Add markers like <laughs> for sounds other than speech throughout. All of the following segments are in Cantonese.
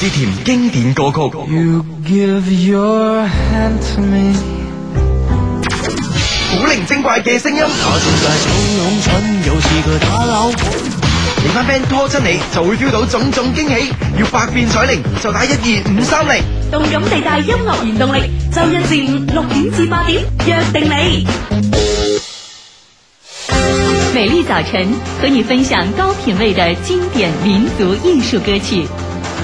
之甜經典歌曲，古靈精怪嘅聲音，我自大、粗魯、蠢，又是個打扭婆。連翻 Band 拖出你，就會飄到種種驚喜。要百變彩鈴，就打一二五三零。動感地帶音樂原動力，周一至五六點至八點，約定你。美麗早晨，和你分享高品味的經典民族藝術歌曲。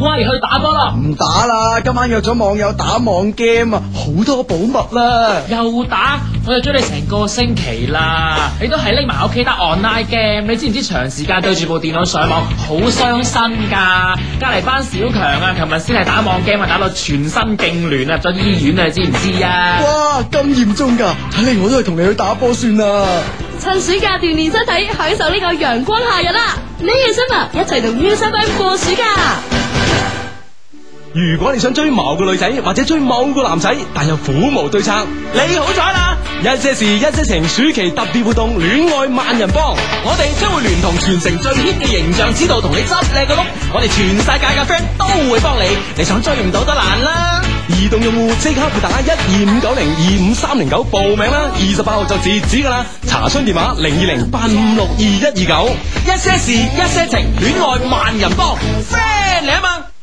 喂，去打波啦！唔打啦，今晚約咗網友打網 game 啊，好多寶物啦！又打，我就追你成個星期啦！你都係匿埋屋企得 online game，你知唔知長時間對住部電腦上網好傷身噶？隔籬班小強啊，琴日先係打網 game 啊，打到全身痙攣啊，入咗醫院啊，你知唔知啊？哇，咁嚴重噶！睇嚟我都係同你去打波算啦。趁暑假鍛煉身體，享受呢個陽光夏日啦！呢個周末一齊同 U Seven 過暑假。如果你想追某個女仔或者追某個男仔，但又苦無對策，你好彩啦！一些事，一些情，暑期特別活動，戀愛萬人幫，我哋將會聯同全城最 hit 嘅形象指導同你執靚個屋。我哋全世界嘅 friend 都會幫你，你想追唔到都難啦！移動用戶即刻撥打一二五九零二五三零九報名啦，二十八號就截止噶啦。查詢電話零二零八五六二一二九。一些事，一些、yes, yes, yes, yes, 情，戀愛萬人幫，friend 嚟啊嘛！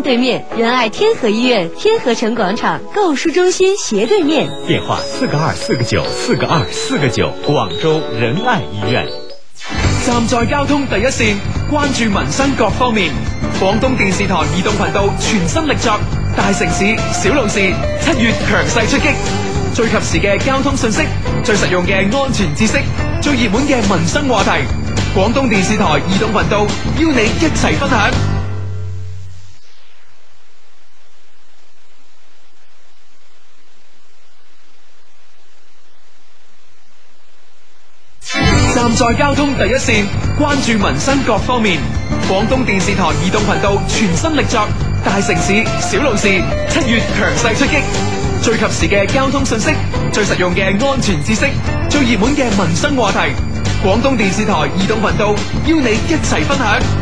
對面仁愛天河醫院，天河城廣場購書中心斜對面，電話四個二四個九四個二四個九，廣州仁愛醫院。站在交通第一線，關注民生各方面，廣東電視台移動頻道全新力作，大城市小路事，七月強勢出擊，最及時嘅交通信息，最實用嘅安全知識，最熱門嘅民生話題，廣東電視台移動頻道邀你一齊分享。在交通第一線，關注民生各方面。廣東電視台移動頻道全新力作，大城市小路事，七月強勢出擊，最及時嘅交通信息，最實用嘅安全知識，最熱門嘅民生話題。廣東電視台移動頻道邀你一齊分享。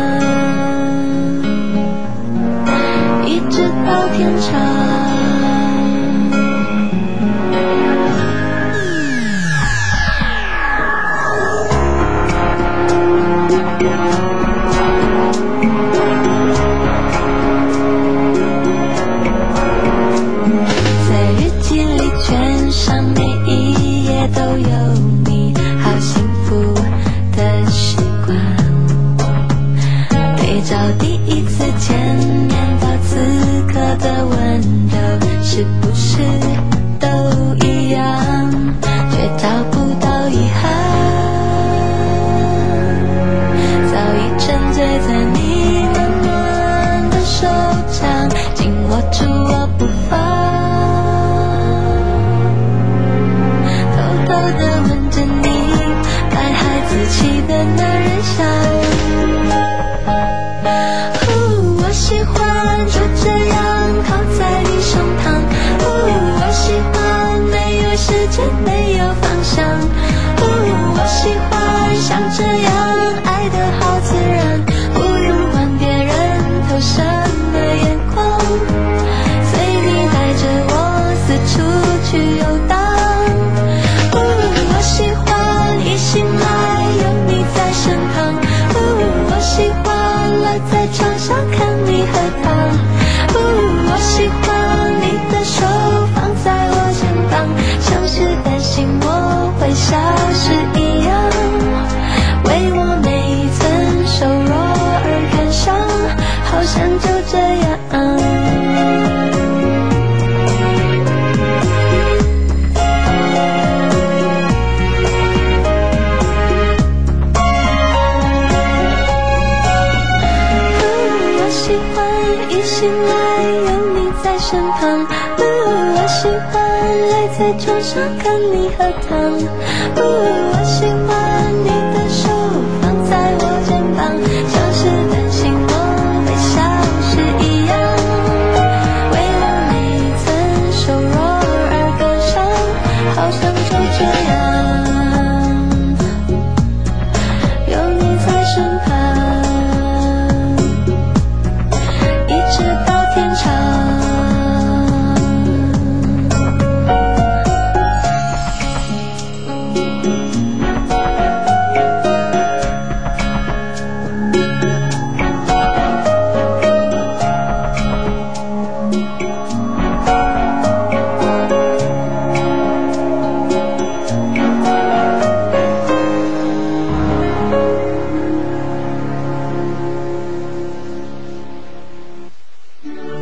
到天長。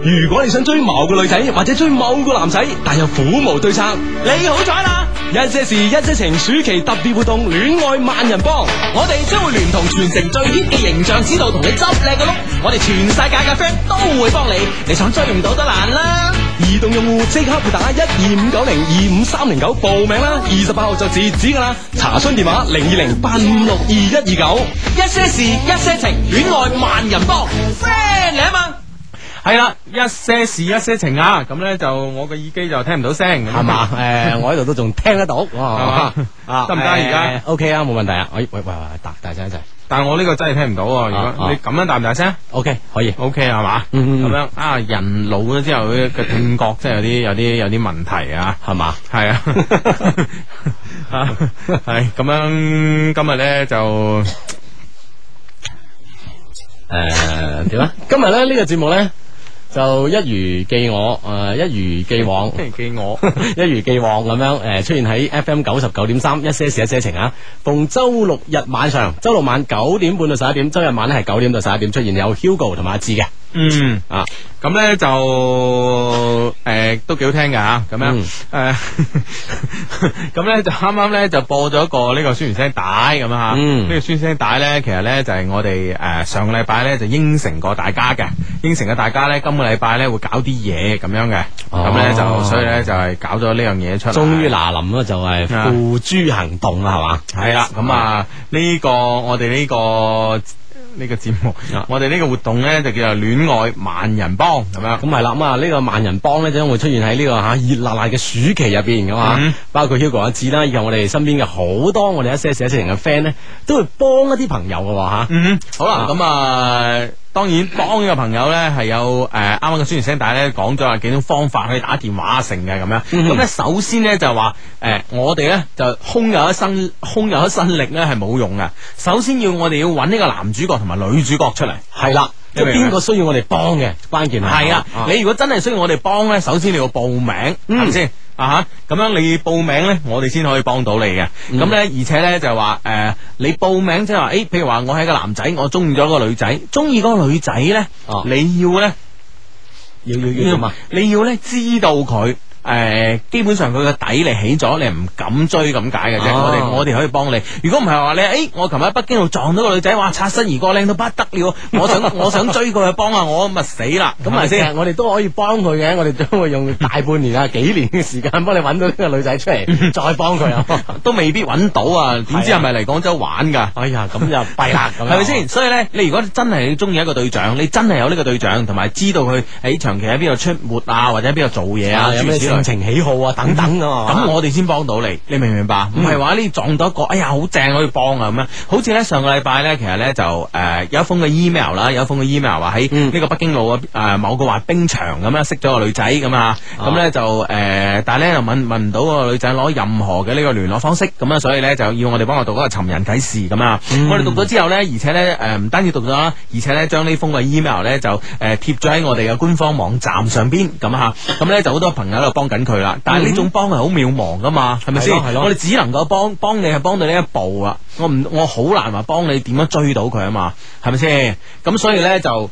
如果你想追某個女仔或者追某個男仔，但又苦無對策，你好彩啦！一些事一些情，暑期特別活動，戀愛萬人幫，我哋將會聯同全城最 hit 嘅形象指導同你執靚個碌，我哋全世界嘅 friend 都會幫你，你想追唔到都難啦！移動用戶即刻撥打一二五九零二五三零九報名啦，二十八號就截止噶啦，查詢電話零二零八五六二一二九，一些事一些情，戀愛萬人幫，friend 嚟啊嘛，係啦。一些事一些情啊，咁咧就我個耳機就聽唔到聲，係嘛？誒，我喺度都仲聽得到，係嘛？啊，得唔得啊？而家 OK 啊，冇問題啊。喂喂喂，大大聲一齊！但係我呢個真係聽唔到，如果你咁樣大唔大聲？OK，可以 OK 係嘛？嗯嗯，咁樣啊，人老咗之後嘅聽覺真係有啲有啲有啲問題啊，係嘛？係啊，係咁樣。今日咧就誒點啊？今日咧呢個節目咧。就一如既我，誒、呃，一如既往， <laughs> 一如既往咁樣，誒、呃，出現喺 FM 九十九點三，一些事，一些情啊。逢周六日晚上，周六晚九點半到十一點，周日晚咧係九點到十一點，出現有 Hugo 同埋阿志嘅。嗯啊，咁咧就誒都幾好聽嘅吓，咁樣誒，咁咧就啱啱咧就播咗個呢個宣傳聲帶咁啊，呢個宣傳聲帶咧其實咧就係我哋誒上個禮拜咧就應承過大家嘅，應承嘅大家咧今個禮拜咧會搞啲嘢咁樣嘅，咁咧就所以咧就係搞咗呢樣嘢出嚟，終於嗱臨啦，就係付諸行動啦，係嘛？係啦，咁啊呢個我哋呢個。呢個節目，我哋呢個活動呢，就叫做戀愛萬人幫，係咪？咁係啦，咁啊呢個萬人幫咧，將會出現喺呢、呢個吓、啊、熱辣辣嘅暑期入邊噶嘛，嗯、包括 Hugo 一智啦，以及我哋身邊嘅好多我哋一些一些嘅 friend 呢，都會幫一啲朋友嘅吓。嗯，好啦，咁啊。當然，呢個朋友咧係有誒，啱啱嘅宣傳聲帶咧講咗啊，幾種方法可以打電話成嘅咁樣。咁咧、嗯哼，首先咧就話誒、呃，我哋咧就空有一身空有一身力咧係冇用嘅。首先要我哋要揾呢個男主角同埋女主角出嚟，係啦的。即係邊個需要我哋幫嘅關鍵係，啊！你如果真係需要我哋幫咧，首先你要報名，係咪先啊？吓，咁樣你報名咧，我哋先可以幫到你嘅。咁咧、嗯，而且咧就話誒、呃，你報名即係話，誒、就是欸，譬如話我係一個男仔，我中意咗個女仔，中意嗰個女仔咧，你要咧、哦，要要要做乜？你要咧知道佢。誒，基本上佢個底嚟，起咗，你唔敢追咁解嘅啫。我哋我哋可以幫你。如果唔係話你，誒，我琴日喺北京度撞到個女仔，哇，擦身而過，靚到不得了。我想我想追過去，幫下我咪死啦。咁咪先？我哋都可以幫佢嘅。我哋都會用大半年啊，幾年嘅時間幫你搵到呢個女仔出嚟，再幫佢。都未必搵到啊。點知係咪嚟廣州玩噶？哎呀，咁就弊啦。係咪先？所以呢，你如果真係中意一個對象，你真係有呢個對象，同埋知道佢喺長期喺邊度出沒啊，或者喺邊度做嘢啊，情喜好啊等等咁、啊，咁、嗯、我哋先幫到你，啊、你明唔明白？唔係話你撞到一個哎呀，好正，我要幫啊咁樣，好似咧上個禮拜咧，其實咧就誒、呃、有一封嘅 email 啦，有一封嘅 email 話喺呢個北京路啊誒、嗯呃、某個滑冰場咁樣識咗個女仔咁啊，咁咧就誒但係咧又問問唔到個女仔攞任何嘅呢個聯絡方式咁啊，所以咧就要我哋幫、嗯、我讀嗰個尋人啟事咁啊，我哋讀咗之後咧，而且咧誒唔單止讀咗，而且咧將呢封嘅 email 咧就誒貼咗喺我哋嘅官方網站上邊咁吓，咁咧就好多朋友喺度幫。緊佢啦，嗯、但係呢種幫係好渺茫噶嘛，係咪先？係咯，我哋只能夠幫幫你，係幫到呢一步啊。我唔我好難話幫你點樣追到佢啊嘛，係咪先？咁所以咧，就。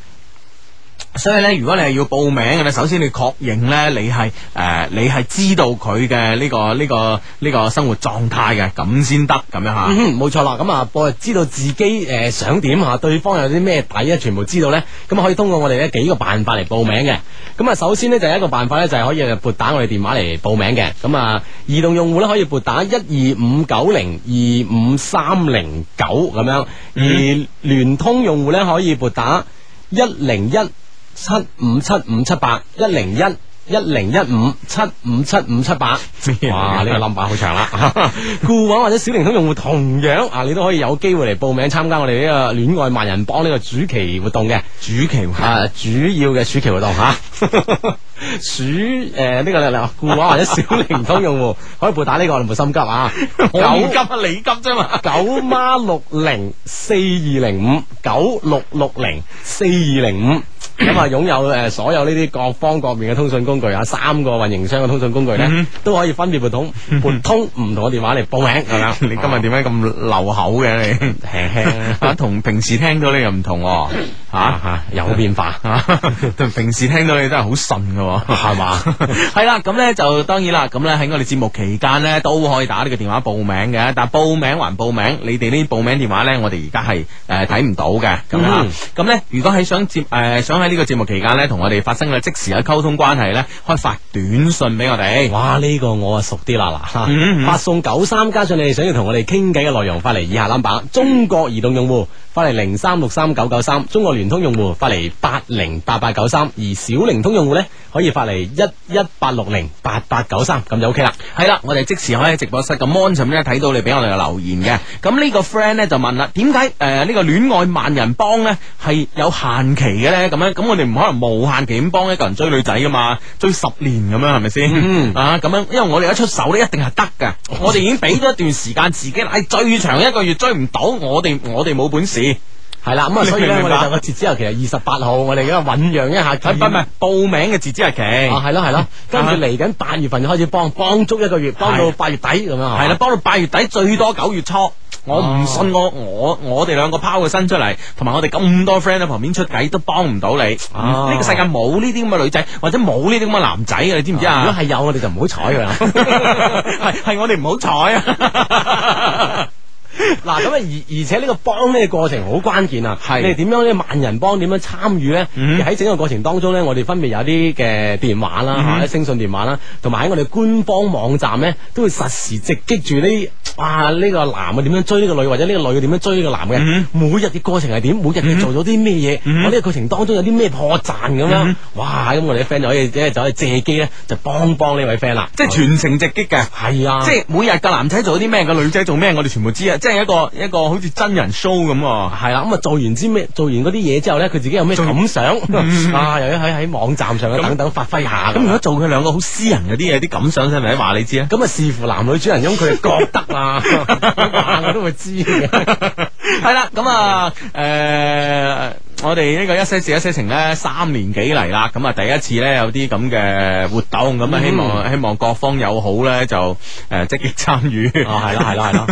所以呢，如果你係要報名嘅呢，首先你確認呢、呃，你係誒，你係知道佢嘅呢個呢、呢個呢、呢個生活狀態嘅，咁先得咁樣吓。冇錯、啊嗯、啦，咁啊，我知道自己誒、呃、想點吓，對方有啲咩底咧，全部知道呢。咁可以通過我哋咧幾個辦法嚟報名嘅。咁啊，首先呢，就係、一個辦法呢，就係、是、可以撥打我哋電話嚟報名嘅。咁啊，移動用戶呢，可以撥打一二五九零二五三零九咁樣，而聯通用戶呢，可以撥打一零一七五七五七八一零一一零一五七五七五七八，哇！呢、呢個 number 好長啦。固 <laughs> 網或者小靈通用戶同樣啊，你都可以有機會嚟報名參加我哋呢個戀愛萬人榜呢個主題活動嘅暑期啊，主要嘅暑期活動吓。啊 <laughs> 鼠，誒呢、呃呢個嚟靚固話或者小靈通用戶可以撥打呢、呢個，唔好心急啊！9, 九急啊，你急啫嘛？九孖六零四二零五九六六零四二零五，咁啊，擁、 <coughs> 嗯、有誒所有呢啲各方各面嘅通訊工具啊，三個運營商嘅通訊工具咧， <coughs> 都可以分別撥通撥通唔同嘅電話嚟報名，係咪 <coughs> 你今日點解咁流口嘅？你，聽 <coughs> 啊，同 <coughs> <coughs> 平時聽到你又唔同。啊，啊有變化、啊啊。平時聽到你都係好順嘅，係、啊、嘛？係啦吧，咁呢 <laughs> 就當然啦，咁呢喺我哋節目期間呢都可以打呢個電話報名嘅。但報名還報名，你哋呢報名電話呢我哋而家係誒睇唔到嘅。咁啊、嗯哼，咁呢如果係想接誒、呃、想喺呢個節目期間呢同我哋發生嘅即時嘅溝通關係呢，可以發短信俾我哋。哇，呢、這個我啊熟啲啦啦，嗯嗯、發送九三加上你哋想要同我哋傾偈嘅內容，發嚟以下 number：中國移動用戶發嚟零三六三九九三，中國聯聯通用戶發嚟八零八八九三，而小靈通用戶呢，可以發嚟一一八六零八八九三，咁就 OK 啦。係啦，我哋即時可以喺直播室嘅 Mon 上面咧睇到你俾我哋嘅留言嘅。咁呢個 friend 呢，就問啦，「點解誒呢個戀愛萬人幫呢係有限期嘅呢？」咁樣咁我哋唔可能無限期咁幫一個人追女仔噶嘛？追十年咁樣係咪先？是是嗯、啊咁樣，因為我哋一出手呢，一定係得噶。嗯、我哋已經俾咗一段時間自己，但係最長一個月追唔到，我哋我哋冇本事。係啦，咁啊，所以咧，我哋就個截止日期係二十八號，我哋而家醞釀一下，唔係唔係報名嘅截止日期啊，係咯係咯，跟住嚟緊八月份就開始幫幫足一個月，幫到八月底咁樣，係啦，幫到八月底最多九月初，我唔信我我我哋兩個拋個身出嚟，同埋我哋咁多 friend 喺旁邊出計都幫唔到你，呢個世界冇呢啲咁嘅女仔，或者冇呢啲咁嘅男仔你知唔知啊？如果係有，我哋就唔好彩噶啦，係係我哋唔好彩。啊！嗱咁啊，而而且呢個幫呢個過程好關鍵啊，係你點樣呢萬人幫點樣參與咧？喺整個過程當中咧，我哋分別有啲嘅電話啦，吓啲聲訊電話啦，同埋喺我哋官方網站咧，都會實時直擊住呢，哇呢個男嘅點樣追呢個女，或者呢個女嘅點樣追呢個男嘅，每日嘅過程係點，每日佢做咗啲咩嘢，我呢個過程當中有啲咩破綻咁樣，哇咁我哋啲 friend 就可以即係走去借機咧，就幫幫呢位 friend 啦，即係全程直擊嘅，係啊，即係每日個男仔做咗啲咩，個女仔做咩，我哋全部知啊，即係一個一個好似真人 show 咁、啊，係啦咁啊做完之咩做完嗰啲嘢之後咧，佢自己有咩感想、嗯、啊？又要喺喺網站上啊等等發揮下咁。如果做佢兩個好私人嗰啲嘢，啲感想使唔使話你知啊？咁啊視乎男女主人翁佢覺得啊， <laughs> <laughs> 我都會知。嘅、 <laughs> <laughs> 啊，係、嗯、啦，咁、嗯、啊誒。呃我哋呢個一些事一些情咧三年幾嚟啦，咁啊第一次咧有啲咁嘅活動，咁啊希望希望各方友好咧就誒積極參與，啊係啦係啦係啦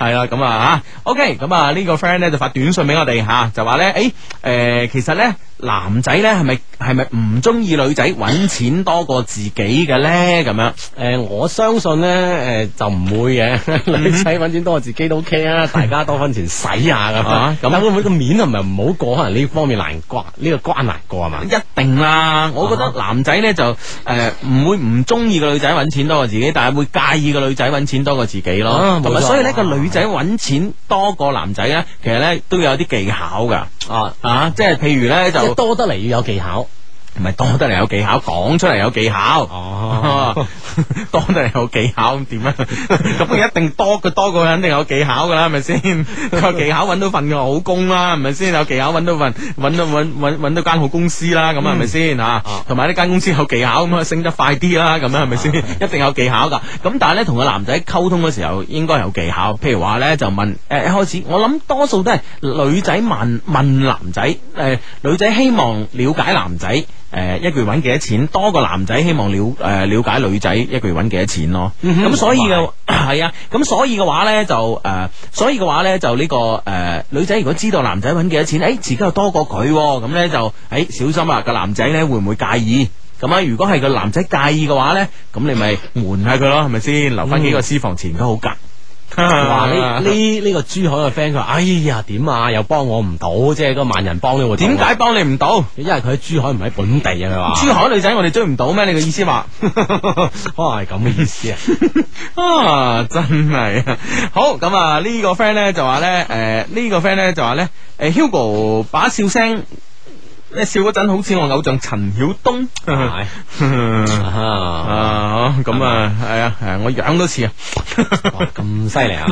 係啦咁啊吓，OK，咁啊呢個 friend 咧就發短信俾我哋吓，就話咧誒誒其實咧男仔咧係咪係咪唔中意女仔揾錢多過自己嘅咧？咁樣誒我相信咧誒就唔會嘅，女仔揾錢多過自己都 OK 啊，大家多番錢使下噶吓，咁會唔會個面啊唔係唔好過啊呢？flush 方面難過，呢、這個關難過係嘛？一定啦，我覺得男仔呢就誒唔、呃、會唔中意個女仔揾錢多過自己，但係會介意個女仔揾錢多過自己咯。同埋，所以呢個、啊、女仔揾錢多過男仔呢，其實呢都有啲技巧噶。啊啊，即係譬如呢，就多得嚟要有技巧。唔係多得嚟有技巧，講出嚟有技巧。哦，多得嚟有技巧咁點啊？咁一定多嘅多個人一定有技巧噶啦，係咪先？有技巧揾到份好工啦，係咪先？有技巧揾到份揾到揾揾揾到間好公司啦，咁係咪先吓？同埋呢間公司有技巧咁啊，升得快啲啦，咁樣係咪先？一定有技巧噶。咁但係咧，同個男仔溝通嘅時候應該有技巧。譬如話咧，就問誒，一開始我諗多數都係女仔問問男仔，誒，女仔希望了解男仔。誒，一個月揾幾多錢？多過男仔希望了誒、呃，了解女仔一個月揾幾多錢咯。咁、嗯、哼所以嘅係 <laughs> 啊，咁所以嘅話呢，就誒、呃，所以嘅話咧就呢、這個誒、呃，女仔如果知道男仔揾幾多錢，誒、哎，自己又多過佢，咁呢就誒、哎、小心啊，個男仔呢會唔會介意？咁啊，如果係個男仔介意嘅話呢，咁你咪瞞下佢咯，係咪 <laughs> 先？留翻幾個私房錢都好噶。嗯哇！呢呢呢個珠海嘅 friend 佢話：哎呀，點啊？又幫我唔到，即係個萬人幫呢個點解幫你唔到？因為佢喺珠海唔喺本地啊！佢話珠海女仔我哋追唔到咩？你嘅意思話，哇、 <laughs> 啊！係咁嘅意思 <laughs> 啊！真係啊！好咁啊！呢個 friend 咧就話咧，誒、呃、呢、這個 friend 咧就話咧，誒、呃、Hugo 把笑聲。你笑嗰陣好似我偶像陳曉東，啊啊，咁啊，係啊，我樣都似啊，咁犀利啊，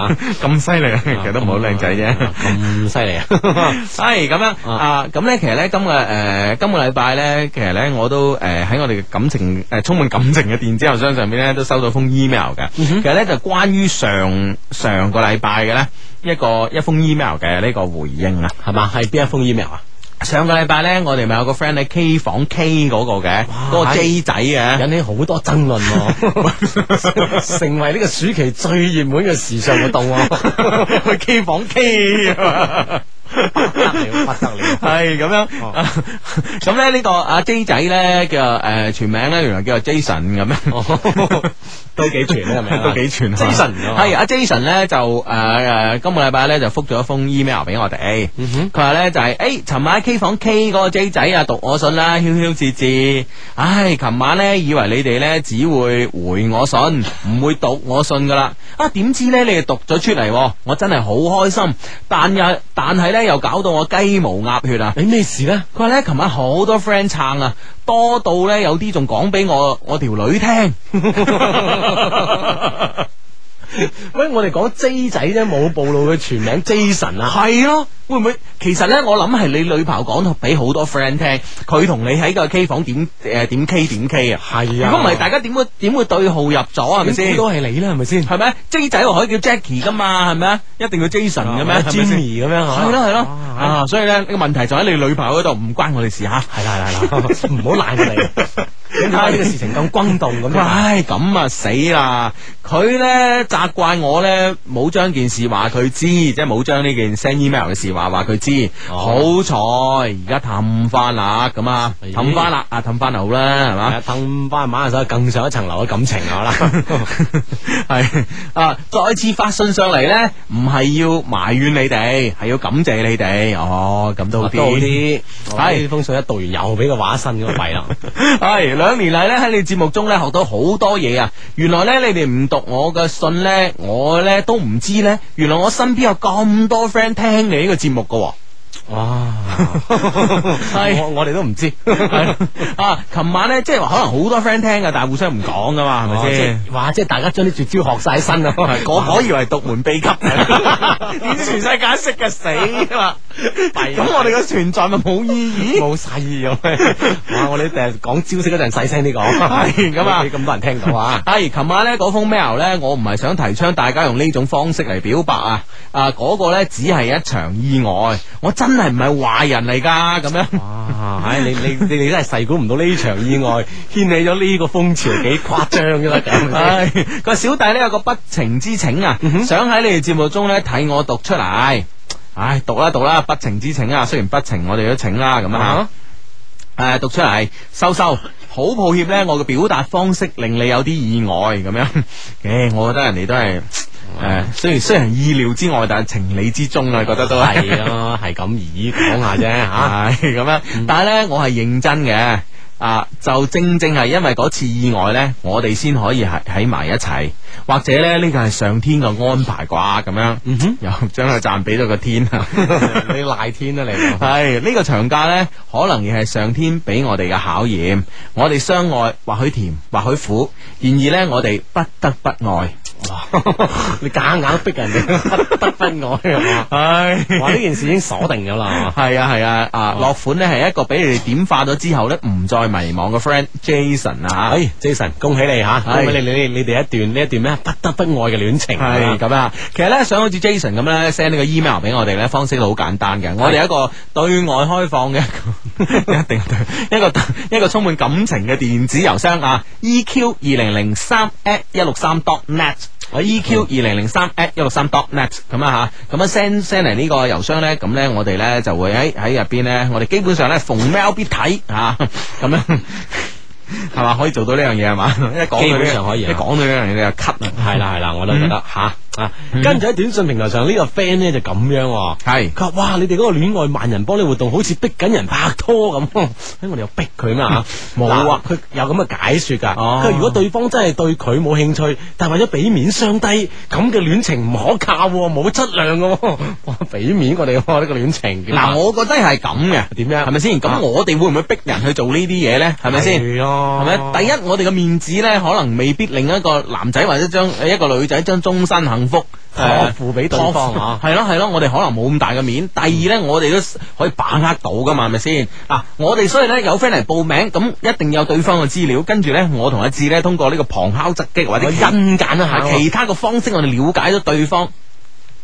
咁犀利啊，其實都唔好靚仔啫，咁犀利啊，係咁樣啊，咁咧，其實咧，今個誒今個禮拜咧，其實咧，我都誒喺、呃、我哋嘅感情誒、呃、充滿感情嘅電子郵箱上邊咧，都收到封 email 嘅，嗯、哼其實咧就係、關於上上個禮拜嘅咧一個一封 email 嘅呢個回應啊，係嘛、嗯，係邊一封 email 啊上個禮拜咧，我哋咪有個 friend 喺 K 房 K 嗰、個嘅，嗰個哇 J 仔啊，引起好多爭論咯，成為呢個暑期最熱門嘅時尚活動，啊， <laughs> 去 K 房 K 啊！ <laughs> 不得了，不得了，係咁樣。咁咧呢個阿、啊、J 仔咧叫誒、呃、全名咧，原來叫 Jason 咁樣，都幾全啊，個名都幾全。啊、Jason 係阿 Jason 咧就誒誒、呃，今個禮拜咧就覆咗封 email 俾我哋。佢話咧就係、是、誒，尋、欸、晚喺 K 房 K 嗰個 J 仔啊，讀我信啦，悄悄字字。唉，琴晚咧以為你哋咧只會回我信，唔 <laughs> 會讀我信噶啦。啊，點知咧你哋讀咗出嚟，我真係好開心。但又但係咧。.又搞到我雞毛鴨血啊！你咩事咧啊？佢話咧，琴晚好多 friend 撐啊，多到咧有啲仲講俾我我條女聽。 <laughs> <laughs> 喂， <laughs> 我哋講 J 仔啫，冇暴露佢全名，Jason 啊，係咯， <laughs> 會唔會？其實咧，我諗係你女朋友講到俾好多 friend 聽，佢同你喺個 K 房點誒、呃、點 K 點 K 啊，係啊的，如果唔係大家點會點會對號入咗啊？係咪先？都係你啦，係咪先？係咪 J 仔可以叫 Jackie 噶嘛？係咩？一定要 Jason 咁樣？Jimmy 咁樣？係咯係咯啊！啊所以咧呢、這個問題就喺你女朋友嗰度，唔關我哋事吓。係啦係啦，唔好賴我哋！點解呢個事情咁轟動咁，唉，咁啊死啦！佢咧責怪我咧冇將件事話佢知，即係冇將呢件 send email 嘅事話話佢知。好彩而家氹翻啦，咁啊氹翻啦，啊氹翻又好啦，係嘛？氹翻，馬上更上一層樓嘅感情啦。係啊，再次發信上嚟咧，唔係要埋怨你哋，係要感謝你哋。哦，咁都好啲，好啲。係封信一讀完又俾個畫新咁弊啦。係。兩年嚟咧喺你節目中咧學到好多嘢啊！原來咧你哋唔讀我嘅信咧，我咧都唔知咧。原來我身邊有咁多 friend 聽你呢個節目噶啊。哇！我我哋都唔知啊！琴晚咧，即係話可能好多 friend 聽噶，但係互相唔講噶嘛，係咪先？哇！即係大家將啲絕招學晒身啊！我以為獨門秘笈，點知全世界識嘅死啦！咁我哋個存在咪冇意義，冇意咁。哇！我哋第日講招式嗰陣細聲啲講，係咁啊！咁多人聽到啊！係琴晚咧嗰封 mail 咧，我唔係想提倡大家用呢種方式嚟表白啊！啊，嗰個咧只係一場意外，我真係。係唔係壞人嚟噶？咁樣，唉、啊 <laughs> 哎，你你你哋真係細估唔到呢場意外 <laughs> 掀起咗呢個風潮，幾誇張噶啦！咁，個、 <laughs> 哎、小弟呢有個不情之請啊，嗯、哼想喺你哋節目中呢睇我讀出嚟。唉，讀啦讀啦，不情之請啊！雖然不情，我哋都請啦。咁啊，誒、嗯啊，讀出嚟，收收，好抱歉呢，我嘅表達方式令你有啲意外。咁樣，唉，我覺得人哋都係。誒，雖然、嗯、雖然意料之外，但係情理之中啦，啊、覺得都係係咯，係咁、啊、而講下啫吓，咁 <laughs> 樣。但係呢，我係認真嘅啊！就正正係因為嗰次意外呢，我哋先可以係喺埋一齊，或者咧呢個係上天嘅安排啩？咁樣，嗯、哼，又將佢讚俾咗個天， <laughs> <laughs> 你賴天啦，你係呢個長假呢，可能亦係上天俾我哋嘅考驗。我哋相愛，或許甜，或許苦，然而呢，我哋不得不愛。你夾硬逼人哋，不得不愛係嘛？哇！呢件事已經鎖定咗啦，係啊係啊啊！落款呢係一個俾人點化咗之後呢，唔再迷茫嘅 friend Jason 啊！Jason，恭喜你吓，你你你哋一段呢一段咩不得不愛嘅戀情咁啊！其實呢，想好似 Jason 咁咧 send 呢個 email 俾我哋呢，方式好簡單嘅，我哋一個對外開放嘅，一定一個一個充滿感情嘅電子郵箱啊，eq 二零零三 at 一六三 dot net 我 E Q 二零零三 at 一六三 dot net 咁啊吓，咁樣 send send 嚟呢個郵箱咧，咁咧我哋咧就會喺喺入邊咧，我哋基本上咧逢 mail 必睇吓，咁、啊、樣係嘛，可以做到呢樣嘢係嘛，一講到呢樣嘢你就 cut、嗯、啊，係啦係啦，我都覺得吓。啊，跟住喺短信平台上呢個 friend 咧，就咁樣，係佢話哇，你哋嗰個戀愛萬人幫你活動好似逼緊人拍拖咁，我哋又逼佢啊嘛？冇啊，佢有咁嘅解說噶，佢如果對方真係對佢冇興趣，但係為咗俾面相低，咁嘅戀情唔可靠，冇質量噶。哇，俾面我哋呢個戀情，嗱，我覺得係咁嘅，點樣係咪先？咁我哋會唔會逼人去做呢啲嘢咧？係咪先？係咪？第一，我哋嘅面子咧，可能未必令一個男仔或者將一個女仔將終身行，幸福託付俾對方。啊，係咯，係咯，我哋可能冇咁大嘅面。第二呢，我哋都可以把握到噶嘛，係咪先？嗱，啊，我哋所以呢，有 friend 嚟報名，咁一定有對方嘅資料，跟住呢，我同阿志呢，通過呢個旁敲側擊或者跟簡啊，其他嘅方式，我哋了解咗對方。嗯嗯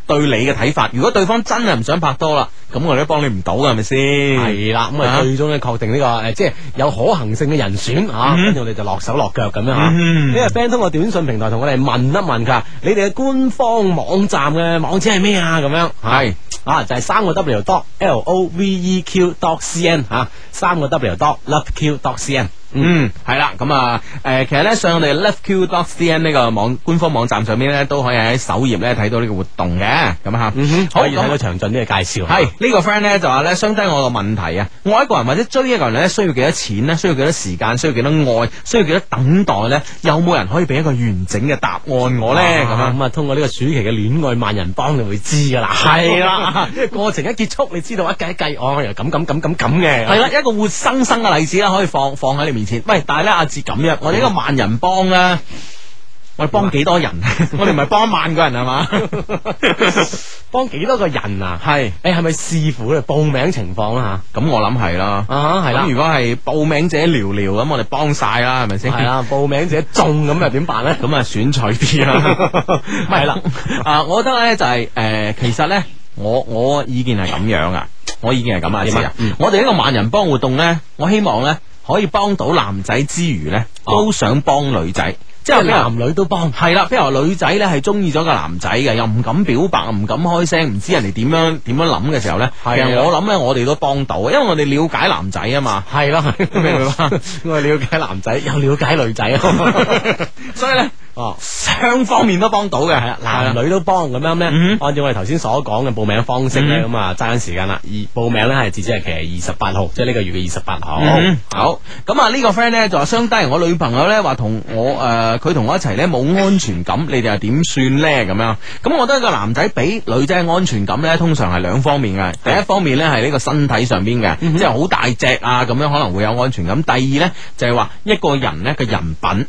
對你嘅睇法，如果對方真係唔想拍拖啦，咁我哋都幫你唔到嘅係咪先？係啦，咁啊、嗯嗯、最終咧確定呢、這個誒、呃，即係有可行性嘅人選吓，跟住我哋就落手落腳咁樣吓。呢個 friend 通過短信平台同我哋問一問噶，你哋嘅官方網站嘅網址係咩啊？咁樣係啊，就係三個 W dot L O V E Q dot C N 吓，三個 W dot Love Q dot C N、啊。嗯，係啦，咁啊，誒，其實咧上我哋 LoveQ.CN dot 呢個網官方網站上面咧，都可以喺首頁咧睇到呢個活動嘅，咁、嗯、吓，可以睇到詳盡啲嘅介紹。係呢、這個 friend 咧就話咧，相低我個問題啊，愛一個人或者追一個人咧，需要幾多錢呢？需要幾多時間？需要幾多愛？需要幾多等待呢？有冇人可以俾一個完整嘅答案我呢？咁啊，樣通過呢個暑期嘅戀愛萬人幫你就會知噶啦。係啦，即過程一結束，你知道一計一計，哦，原來咁咁咁咁咁嘅。係啦、嗯，一個活生生嘅例子啦，可以放放喺你。喂，但係咧，阿志咁樣，我哋呢個萬人幫啊，我哋幫幾多人？我哋唔係幫萬個人係嘛？幫幾多個人啊？係，誒，係咪視乎佢報名情況啦吓？咁我諗係啦，係啦。如果係報名者寥寥，咁我哋幫晒啦，係咪先？係啦，報名者眾，咁又點辦咧？咁啊，選取啲啦。係啦，啊，我覺得咧就係誒，其實咧，我我意見係咁樣啊，我意見係咁啊，阿志啊，我哋呢個萬人幫活動咧，我希望咧。可以幫到男仔之餘呢，都想幫女仔，即係、哦、男女都幫。係啦，譬如話女仔呢，係中意咗個男仔嘅，又唔敢表白，唔敢開聲，唔知人哋點樣點樣諗嘅時候呢，其實我諗呢，我哋都幫到，因為我哋了解男仔啊嘛。係啦、嗯，明白嗎？ <laughs> 我了解男仔，又了解女仔， <laughs> 所以咧。哦，雙、oh. 方面都幫到嘅，係啊對，男女都幫咁樣呢。嗯、哼按照我哋頭先所講嘅報名方式呢，咁啊、嗯哼，揸緊時間啦。而報名呢，係截止係其實二十八號，即係呢個月嘅二十八號。嗯、哼好，咁啊呢個 friend 呢，就話相低，我女朋友呢，話同我誒，佢、呃、同我一齊呢，冇安全感，你哋又點算呢？咁樣咁，我覺得一個男仔俾女仔安全感呢，通常係兩方面嘅。嗯、哼第一方面呢，係呢個身體上邊嘅，即係好大隻啊咁樣可能會有安全感。第二呢，就係、是、話一個人呢，個人品。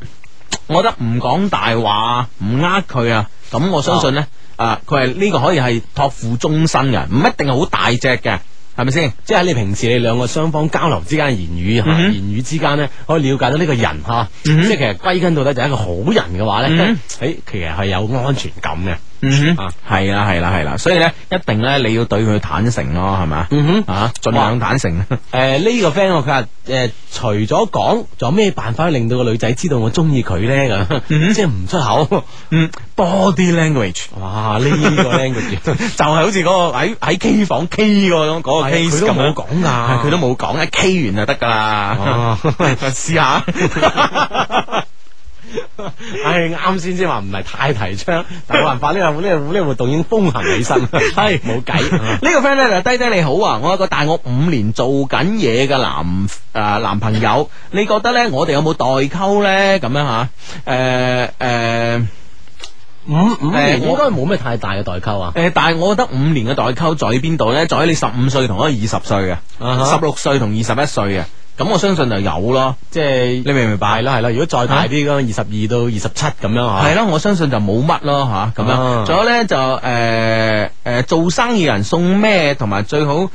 我覺得唔講大話，唔呃佢啊，咁我相信呢，誒、哦啊，佢係呢個可以係託付終身嘅，唔一定係好大隻嘅，係咪先？即係你平時你兩個雙方交流之間言語、嗯哼 啊、言語之間呢，可以了解到呢個人吓，啊嗯、哼 即係其實歸根到底就係一個好人嘅話呢，誒，嗯、哼 其實係有安全感嘅。嗯哼，係啦係啦係啦，所以咧一定咧你要對佢坦誠咯，係咪？嗯哼，啊，盡量坦誠。誒，呢個 friend 我佢話誒，除咗講，仲有咩辦法令到個女仔知道我中意佢咧咁？即係唔出口，嗯，多啲 language。哇，呢個 language 就係好似嗰個喺喺 K 房 K 嗰種嗰個 case。佢都冇講噶，佢都冇講，一 K 完就得噶啦。試下。唉，啱先先話唔係太提倡， <laughs> 但冇辦法，呢個呢個呢個活動已經風行起身，係冇計。呢 <laughs> 個 friend 咧就低低你好啊，我有一個大我五年做緊嘢嘅男誒、呃、男朋友，你覺得咧我哋有冇代溝咧？咁樣吓，誒、呃、誒、呃，五五年、呃、應該冇咩太大嘅代溝啊。誒、呃，但係我覺得五年嘅代溝在喺邊度咧？在喺你十五歲同一個二十歲嘅，十六、uh huh. 歲同二十一歲嘅。咁我相信就有咯，即係你明唔明白係啦？係啦，如果再大啲咁，二十二到二十七咁樣吓，係咯，我相信就冇乜咯吓，咁、啊、樣。仲有咧就誒誒、呃呃、做生意人送咩同埋最好誒。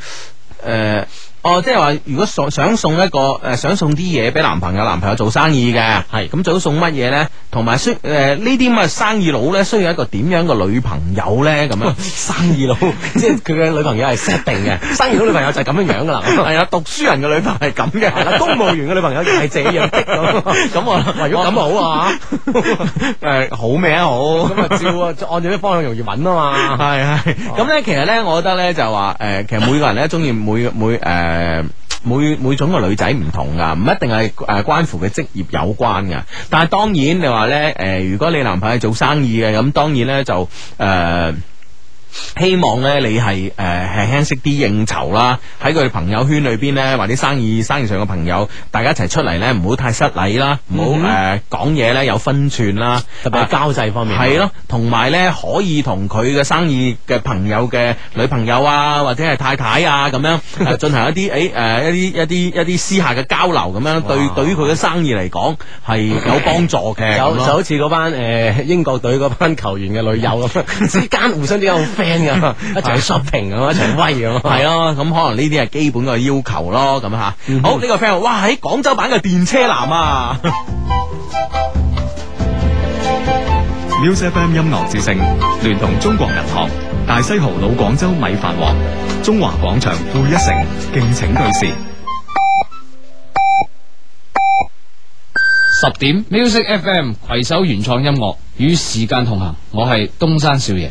呃哦，即係話如果想送一個誒，想送啲嘢俾男朋友，男朋友做生意嘅，係咁最好送乜嘢咧？同埋需誒呢啲咁嘅生意佬咧，需要一個點樣嘅女朋友咧？咁樣生意佬，即係佢嘅女朋友係 set 定嘅，生意佬女朋友就係咁樣樣噶啦。係啊，讀書人嘅女朋友係咁嘅，係啦，公務員嘅女朋友係正一人物。咁我，為咗咁好啊吓？誒，好咩啊？好咁啊，照按照咩方向容易揾啊嘛？係係。咁咧，其實咧，我覺得咧，就係話誒，其實每個人咧，中意每每誒。誒、呃，每每種嘅女仔唔同噶，唔一定係誒、呃、關乎嘅職業有關噶，但係當然你話咧，誒、呃，如果你男朋友係做生意嘅，咁、嗯、當然咧就誒。呃希望咧，你係誒係輕輕識啲應酬啦，喺佢嘅朋友圈裏邊呢，或者生意生意上嘅朋友，大家一齊出嚟呢，唔好太失禮啦，唔好誒講嘢呢，有分寸啦，特別係交際方面，啊。係、啊、咯，同埋呢，可以同佢嘅生意嘅朋友嘅女朋友啊，或者係太太啊咁樣，進行一啲誒誒一啲一啲一啲私下嘅交流咁樣，哇對對於佢嘅生意嚟講係有幫助嘅。Okay. 就好似嗰班誒、呃、英國隊嗰班球員嘅女友咁， <laughs> <laughs> 之間互相都有。一齊 shopping 咁，一齊威咁，係咯，咁可能呢啲係基本嘅要求咯，咁吓點。好，呢個 friend，哇，喺廣州版嘅電車男啊 Music FM 音樂之聲，聯同中國銀行、大西豪、老廣州、米飯王、中華廣場、富一城，敬請對視。十點 Music FM 携手原創音樂與時間同行，我係東山少爺。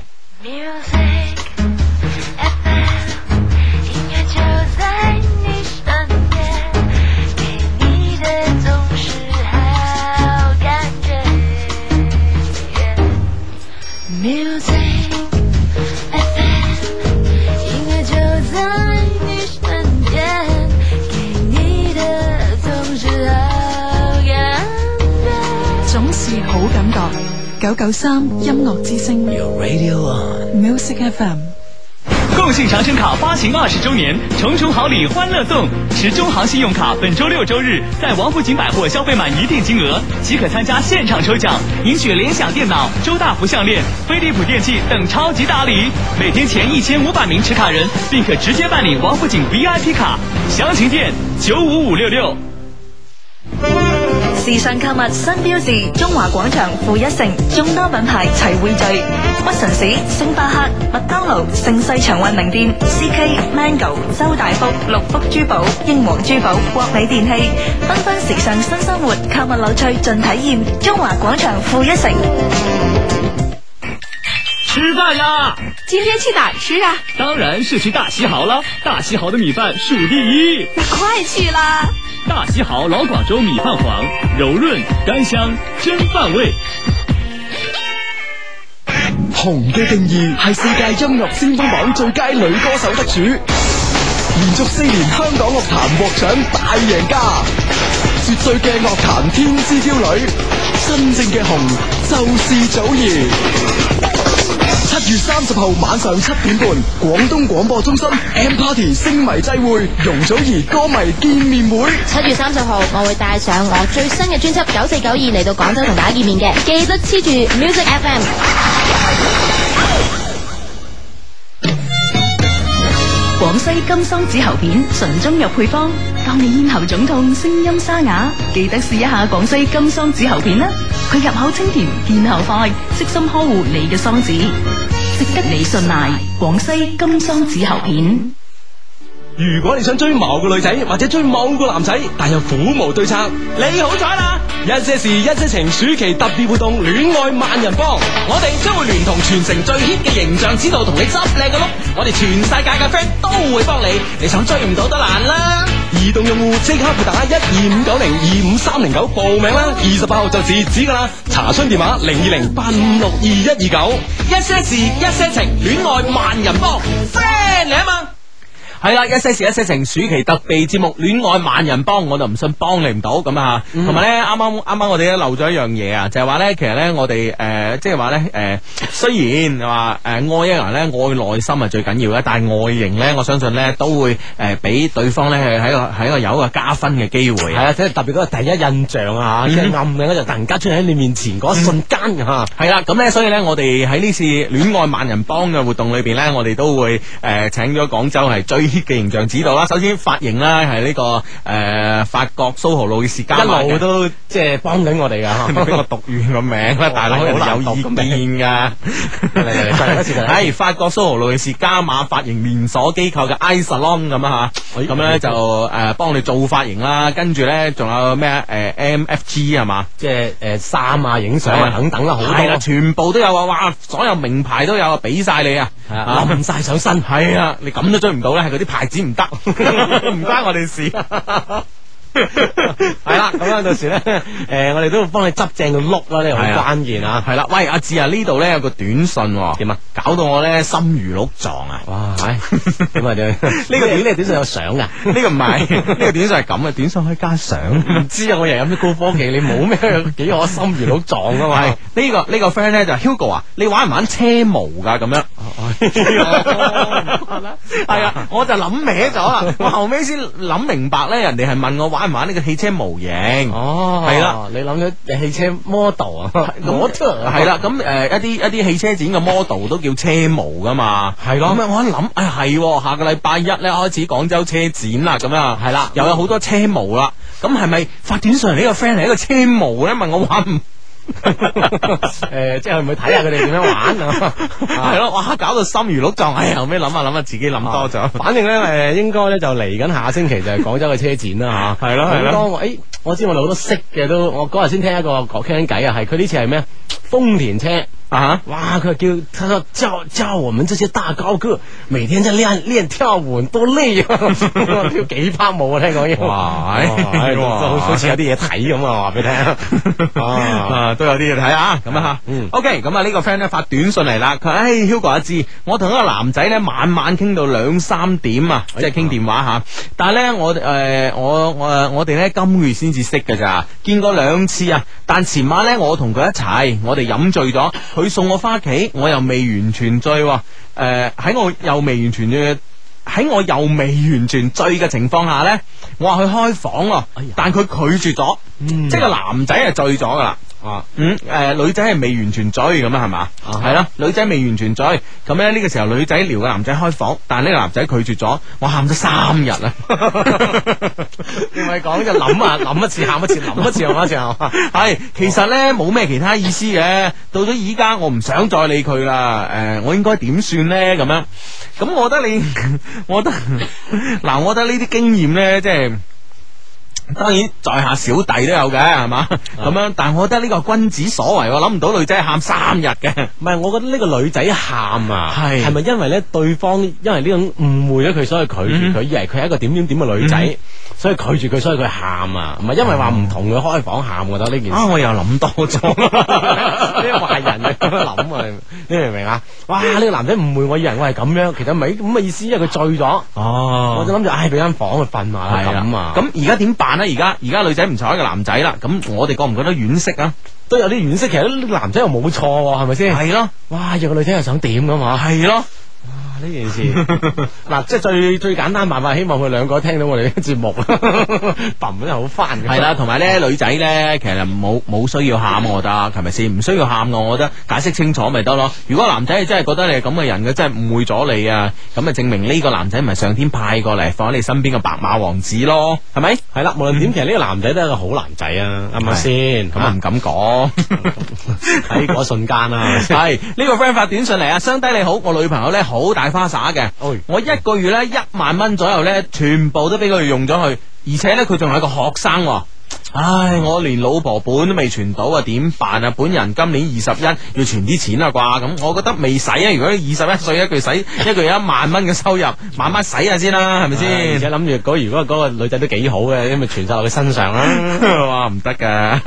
九九三音樂之聲 Your Radio on Music FM，共慶長城卡發行二十周年，重重好禮歡樂送，持中行信用卡本周六周日在王府井百貨消費滿一定金額，即可參加現場抽獎，贏取聯想電腦、周大福項鏈、飛利浦電器等超級大禮。每天前一千五百名持卡人，並可直接辦理王府井 VIP 卡。詳情電九五五六六。時尚購物新標誌，中華廣場負一城，眾多品牌齊匯聚。屈臣氏、星巴克、麥當勞、盛世長運名店、CK Mango、周大福、六福珠寶、英皇珠寶、國美電器，繽紛時尚新生活，購物樂趣盡體驗。中華廣場負一城，吃飯啦、啊！今天去哪吃啊？當然是去大西豪啦！大西豪的米飯數第一，你快去啦！大喜好老廣州米飯黃，柔潤甘香，真飯味。紅嘅定義係世界音樂先鋒榜最佳女歌手得主，連續四年香港樂壇獲獎大贏家，絕對嘅樂壇天之驕女，真正嘅紅就是祖兒。七月三十號晚上七點半，廣東廣播中心 M Party 星迷祭會，容祖兒歌迷見面會。七月三十號，我會帶上我最新嘅專輯《九四九二》嚟到廣州同大家見面嘅，記得黐住 Music FM。廣西金嗓子喉片，純中藥配方，當你咽喉腫痛、聲音沙啞，記得試一下廣西金嗓子喉片啦！佢入口清甜，見效快，悉心呵護你嘅嗓子，值得你信賴。廣西金嗓子喉片。如果你想追某個女仔或者追某個男仔，但又苦無對策，你好彩啦！一些事一些情，暑期特別活動，戀愛萬人幫， <noise> 我哋將會聯同全城最 hit 嘅形象指導同你執靚個碌，我哋全世界嘅 friend 都會幫你，你想追唔到都難啦！移動用戶即刻撥打一二五九零二五三零九報名啦，二十八號就截止噶啦，查詢電話零二零八五六二一二九，20, 8, 5, 6, 2, 1, 2, 一些事一些情，戀愛萬人幫，friend 嚟啊嘛！ <noise> 係啦，一些事，一些情，暑期特備節目《戀愛萬人幫》，我就唔信幫你唔到咁啊！同埋咧，啱啱啱啱，剛剛剛剛我哋咧漏咗一樣嘢啊，就係話咧，其實咧，我哋誒，即係話咧，誒、即係呃，雖然話誒愛一人咧，愛內、啊、心係最緊要嘅，但係外形咧，我相信咧，都會誒俾、呃、對方咧喺喺個有一個加分嘅機會。係、嗯、啊，即係特別嗰個第一印象啊，一暗戀，就突然間出現喺你面前嗰一瞬間吓。係啦、嗯，咁咧、啊，所以咧，以我哋喺呢次《戀愛萬人幫》嘅活動裏邊咧，我哋都會誒、呃、請咗廣州係最。啲嘅形象指導啦，首先髮型啦，係呢個誒法國蘇豪路易士加馬，一路都即係幫緊我哋嘅，唔俾我讀完個名，大佬好難讀個名嘅。法國蘇豪路易士加馬髮型連鎖機構嘅 Isalon 咁啊嚇，咁咧就誒幫你做髮型啦，跟住咧仲有咩誒 MFG 係嘛？即係誒衫啊、影相啊等等啦，好多，全部都有啊，哇！所有名牌都有，俾晒你啊，淋曬上身。係啊，你咁都追唔到咧。嗰啲牌子唔得，唔關我哋事。係啦，咁樣，到時咧，誒，我哋都會幫你執正個碌啦，呢個好關鍵啊，係啦，喂，阿智啊，呢度咧有個短信，點啊？搞到我咧心如鹿撞啊！哇，點啊點？呢個短咧短信有相噶？呢個唔係，呢個短信係咁嘅，短信可以加相，唔知啊！我又有啲高科技，你冇咩幾我心如鹿撞啊嘛？呢個呢個 friend 咧就 Hugo 啊，你玩唔玩車模噶？咁樣係啊，我就諗歪咗啦，我後尾先諗明白咧，人哋係問我玩。買呢個汽車模型哦，係啦的，你諗咗汽車 model 啊 model 係啦，咁誒、呃、一啲一啲汽車展嘅 model 都叫車模噶嘛，係咯的。咁那我一諗，哎係，下個禮拜一咧開始廣州車展啦，咁樣，係啦，又有好多車模啦。咁係咪發展上呢個 friend 係一個車模咧？問我話誒、 <laughs> 呃，即係去唔去睇下佢哋點樣玩啊？係 <laughs> 咯， <laughs> 哇！搞到心如鹿撞，哎，後尾諗下諗下，自己諗多咗。 <laughs> 反正咧，誒、呃，應該咧就嚟緊下星期就係廣州嘅車展啦，吓。 <laughs> 係咯，係誒該的、哎，我知我哋好多識嘅都，我嗰日先聽一個講傾偈啊，係佢呢次係咩？豐田車。啊！哇！佢叫，他說教我們這些大高哥，每天在練練跳舞，多 <laughs> 累、嗯哎哎、啊！跳幾拍舞咧，講嘢哇！係，就好似有啲嘢睇咁啊，話俾你聽都有啲嘢睇啊！咁啊吓，OK 咁啊呢個 friend 咧發短信嚟啦，佢誒、哎、Hugo 阿、啊、志，我同一個男仔咧晚晚傾到兩三點啊，即係傾電話吓，哎、呀但係咧我誒、呃、我我誒我哋咧今個月先至識嘅咋，見過兩次啊，但前晚咧我同佢一齊，我哋飲醉咗佢送我翻屋企，我又未完全醉，誒喺我又未完全醉喺我又未完全醉嘅情況下咧，我話去開房，但佢拒絕咗，哎、呦即係個男仔係醉咗噶啦。啊，嗯，誒、呃，女仔係未完全醉咁啊，係嘛，係咯、uh，huh. 女仔未完全醉，咁咧呢個時候女仔撩個男仔開房，但係呢個男仔拒絕咗，我喊咗三日啦，你咪講就諗啊，諗一次喊一次，諗一次喊 <laughs> 一次係嘛，係，啊、 <laughs> 其實咧冇咩其他意思嘅，到咗依家我唔想再理佢啦，誒、呃，我應該點算咧咁樣，咁我覺得你，我覺得，嗱， <laughs> 我覺得呢啲經驗咧，即係。當然在下小弟都有嘅，係嘛，咁樣，的但係我覺得呢個君子所為，我諗唔到女仔喊三日嘅。唔係，我覺得呢個女仔喊啊，係係咪因為咧對方因為呢種誤會咗佢，所以拒絕佢，嗯、以為佢係一個點點點嘅女仔。嗯嗯所以拒絕佢，所以佢喊啊！唔係因為話唔同佢開房喊啊！我覺得呢件事啊，我又諗多咗，呢 <laughs> 壞人啊諗 <laughs> 啊，你明唔明啊？哇！呢 <laughs> 個男仔誤會我，以為我係咁樣，其實唔係咁嘅意思，啊，因為佢醉咗。哦，我就諗住唉，俾、哎、間房佢瞓埋係啊，咁啊，咁而家點辦咧？而家而家女仔唔睬個男仔啦。咁我哋覺唔覺得惋惜啊？都有啲惋惜，其實啲男仔又冇錯喎，啊，係咪先？係咯的，哇！個女仔又想點㗎嘛？係咯。呢件事嗱、 <laughs> 啊，即係最最簡單辦法，希望佢兩個聽到我哋嘅節目，嘭都係好翻嘅。係啦，同埋咧女仔咧，其實冇冇需要喊我得，係咪先？唔需要喊我，我覺得解釋清楚咪得咯。如果男仔真係覺得你係咁嘅人嘅，真係誤會咗你啊，咁啊證明呢個男仔唔係上天派過嚟放喺你身邊嘅白馬王子咯，係咪？係啦，無論點， <laughs> 其實呢個男仔都係個好男仔啊，啱唔啱先？咁唔敢講喺嗰瞬間啊，係呢、 <laughs> <laughs> 呢個 friend 發短信嚟啊，相低你好，我女朋友咧好大。花灑嘅，我一個月咧一萬蚊左右咧，全部都俾佢用咗去，而且咧，佢仲係一個學生，哦。唉，我連老婆本都未存到啊，點辦啊？本人今年二十一，要存啲錢啊啩？咁我覺得未使啊。如果二十一歲一句使，一個月一萬蚊嘅收入，慢慢使下先啦，係咪先？而且諗住如果嗰個女仔都幾好嘅，咁咪存晒落佢身上啦。 <laughs> 哇，唔得噶。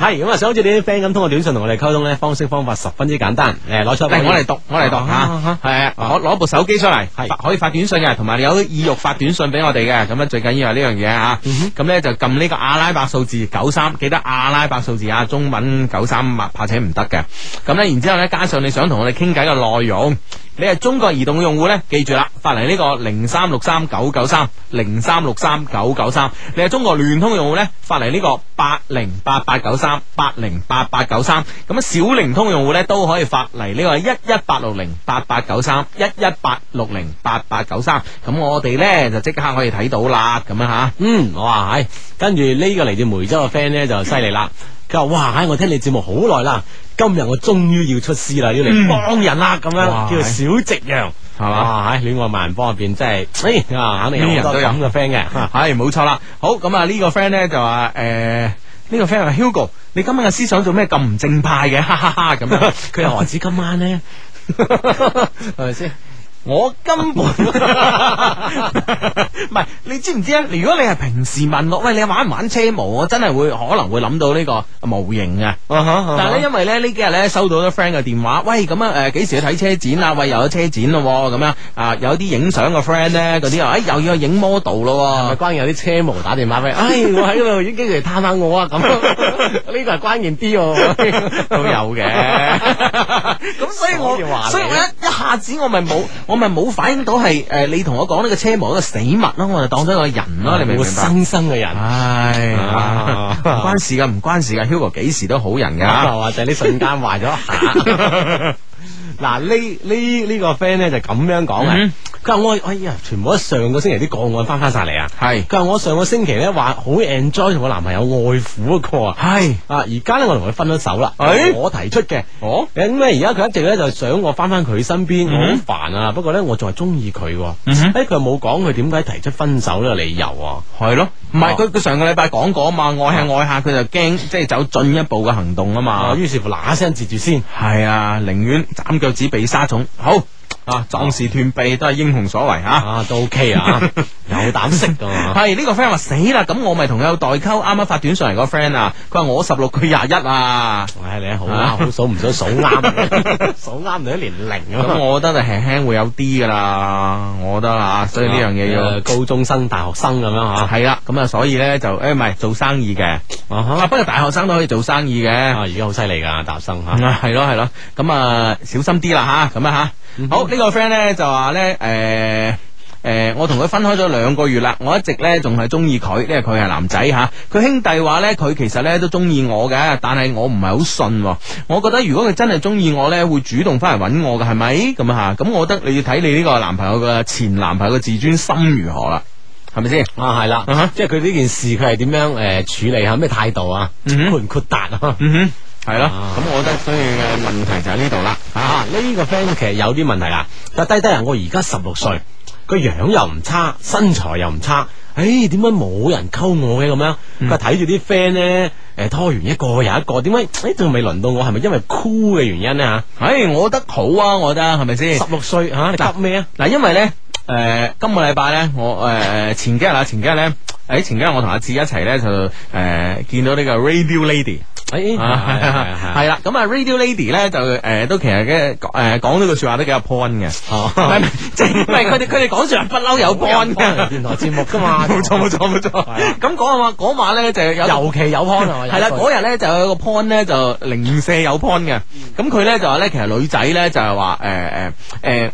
係咁啊，想好似你啲 friend 咁，通過短信同我哋溝通呢，方式方法十分之簡單。攞 <laughs> 出嚟，我嚟讀，我嚟讀吓。係啊，我攞部手機出嚟，啊、是可以發短信嘅，同埋有意欲發短信俾我哋嘅。咁啊，最緊要係呢樣嘢啊。咁呢、嗯哼，就撳呢個阿拉數字九三，記得阿拉伯數字啊，中文九三啊，怕且唔得嘅。咁呢，然之後咧，加上你想同我哋傾偈嘅內容，你係中國移動嘅用戶呢，記住啦，發嚟呢個零三六三九九三零三六三九九三。你係中國聯通用戶呢，發嚟呢個。八零八八九三八零八八九三，咁啊小靈通用戶呢都可以發嚟、呢個、呢個一一八六零八八九三一一八六零八八九三，咁我哋呢就即刻可以睇到啦，咁樣吓，嗯，哇，係，跟住呢個嚟自梅州嘅 friend 呢就犀利啦。 <laughs> 哇！我聽你節目好耐啦，今日我終於要出師啦，要嚟幫人啦，咁樣哇叫做小夕陽，係嘛吧？喺戀愛萬人幫入邊，真係哎，咩人都有咁嘅 friend 嘅，係冇錯啦。好咁啊，個呢、呃這個 friend 咧就話誒，呢個 friend 話 Hugo，你今晚嘅思想做咩咁唔正派嘅？哈哈哈，咁樣佢又 <laughs> 何止今晚呢？係咪先？我根本唔係， <laughs> 你知唔知咧？如果你係平時問我，喂，你玩唔玩車模？我真係會可能會諗到呢、這個模型嘅。Uh huh, uh huh. 但係咧，因為咧呢幾日咧收到啲 friend 嘅電話，喂，咁啊，誒、呃，幾時去睇車展啊？喂，又有車展咯，咁樣啊，樣呃、有啲影相嘅 friend 咧，嗰啲又，哎，又要影 model 咯。是是關鍵有啲車模打電話俾，哎，我喺度已經幾時嚟探下我啊，咁呢個係關鍵啲喎，都有嘅。咁 <laughs> 所以我，所以我一下子我咪冇。我咪冇反映到係誒、呃，你同我講呢個車模一個死物咯，我就當咗一個人咯，啊、你明唔明白？活生生嘅人，唉、哎，唔、啊啊、關事噶，唔關事噶，Hugo 幾時都好人噶、啊，或者、啊、你瞬間壞咗一下。 <laughs> 嗱呢呢呢個 friend 咧就咁樣講嘅，佢話我哎呀全部喺上個星期啲個案翻翻晒嚟啊，係佢話我上個星期咧話好 enjoy 同我男朋友愛撫嗰個啊，係啊而家咧我同佢分咗手啦，我提出嘅，哦咁咧而家佢一直咧就想我翻翻佢身邊，我好煩啊，不過咧我仲係中意佢，誒佢冇講佢點解提出分手呢個理由啊，係咯，唔係佢佢上個禮拜講過啊嘛，愛下愛下，佢就驚即係走進一步嘅行動啊嘛，於是乎嗱聲截住先，係啊寧願斬。腳趾被沙蟲好。啊，壯士斷臂都係英雄所為吓，啊都 OK 啊，有膽識噶係呢個 friend 話死啦，咁我咪同佢有代溝。啱啱發短信嚟個 friend 啊，佢話我十六佢廿一啊，唉你好啊，好數唔想數啱，數啱你啲年齡啊，我覺得輕輕會有啲噶啦，我覺得啊，所以呢樣嘢要高中生大學生咁樣吓，係啦，咁啊所以咧就誒唔係做生意嘅，不過大學生都可以做生意嘅，而家好犀利噶大學生吓，係咯係咯，咁啊小心啲啦吓，咁啊吓好。呢個 friend 咧，就話咧，誒、呃、誒、呃，我同佢分開咗兩個月啦，我一直咧仲係中意佢，因為佢係男仔吓，佢、啊、兄弟話咧佢其實咧都中意我嘅，但係我唔係好信、啊，我覺得如果佢真係中意我咧，會主動翻嚟搵我噶，係咪咁吓？咁、啊、我覺得你要睇你呢個男朋友嘅前男朋友嘅自尊心如何啦，係咪先啊？係啦，uh huh. 即係佢呢件事佢係點樣誒、呃、處理啊？咩態度啊？豁唔豁達啊？Mm hmm. 係咯，咁、啊、我覺得所以嘅問題就喺呢度啦。啊，呢、啊這個 friend 其實有啲問題啦。但低低人，我而家十六歲，個樣又唔差，身材又唔差。誒、欸，點解冇人溝我嘅咁樣？佢睇住啲 friend 咧，誒，拖完一個又一個，點解？誒、欸，仲未輪到我，係咪因為酷嘅原因咧？吓，誒，我覺得好啊，我覺得係咪先？十六歲吓，你急咩啊？嗱，因為咧，誒、呃，今個禮拜咧，我誒前幾日啦，前幾日咧。前幾誒，前幾日我同阿志一齊咧就誒見到呢個 Radio Lady，係啦，咁啊 Radio Lady 咧就誒都其實嘅誒講呢個說話都幾有 point 嘅，即係佢哋佢哋講說話不嬲有 point 嘅電台節目噶嘛，冇錯冇錯冇錯，咁嗰晚嗰晚咧就有尤其有 point，係啦嗰日咧就有個 point 咧就零舍有 point 嘅，咁佢咧就話咧其實女仔咧就係話誒誒誒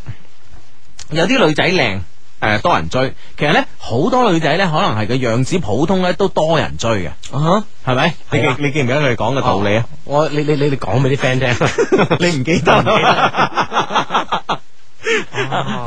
有啲女仔靚。誒、呃，多人追，其實咧好多女仔咧，可能係個樣子普通咧，都多人追嘅，係咪、uh huh. 吧？你記你記唔記得佢哋講嘅道理啊？我你你你你講俾啲 friend 聽，你唔記得？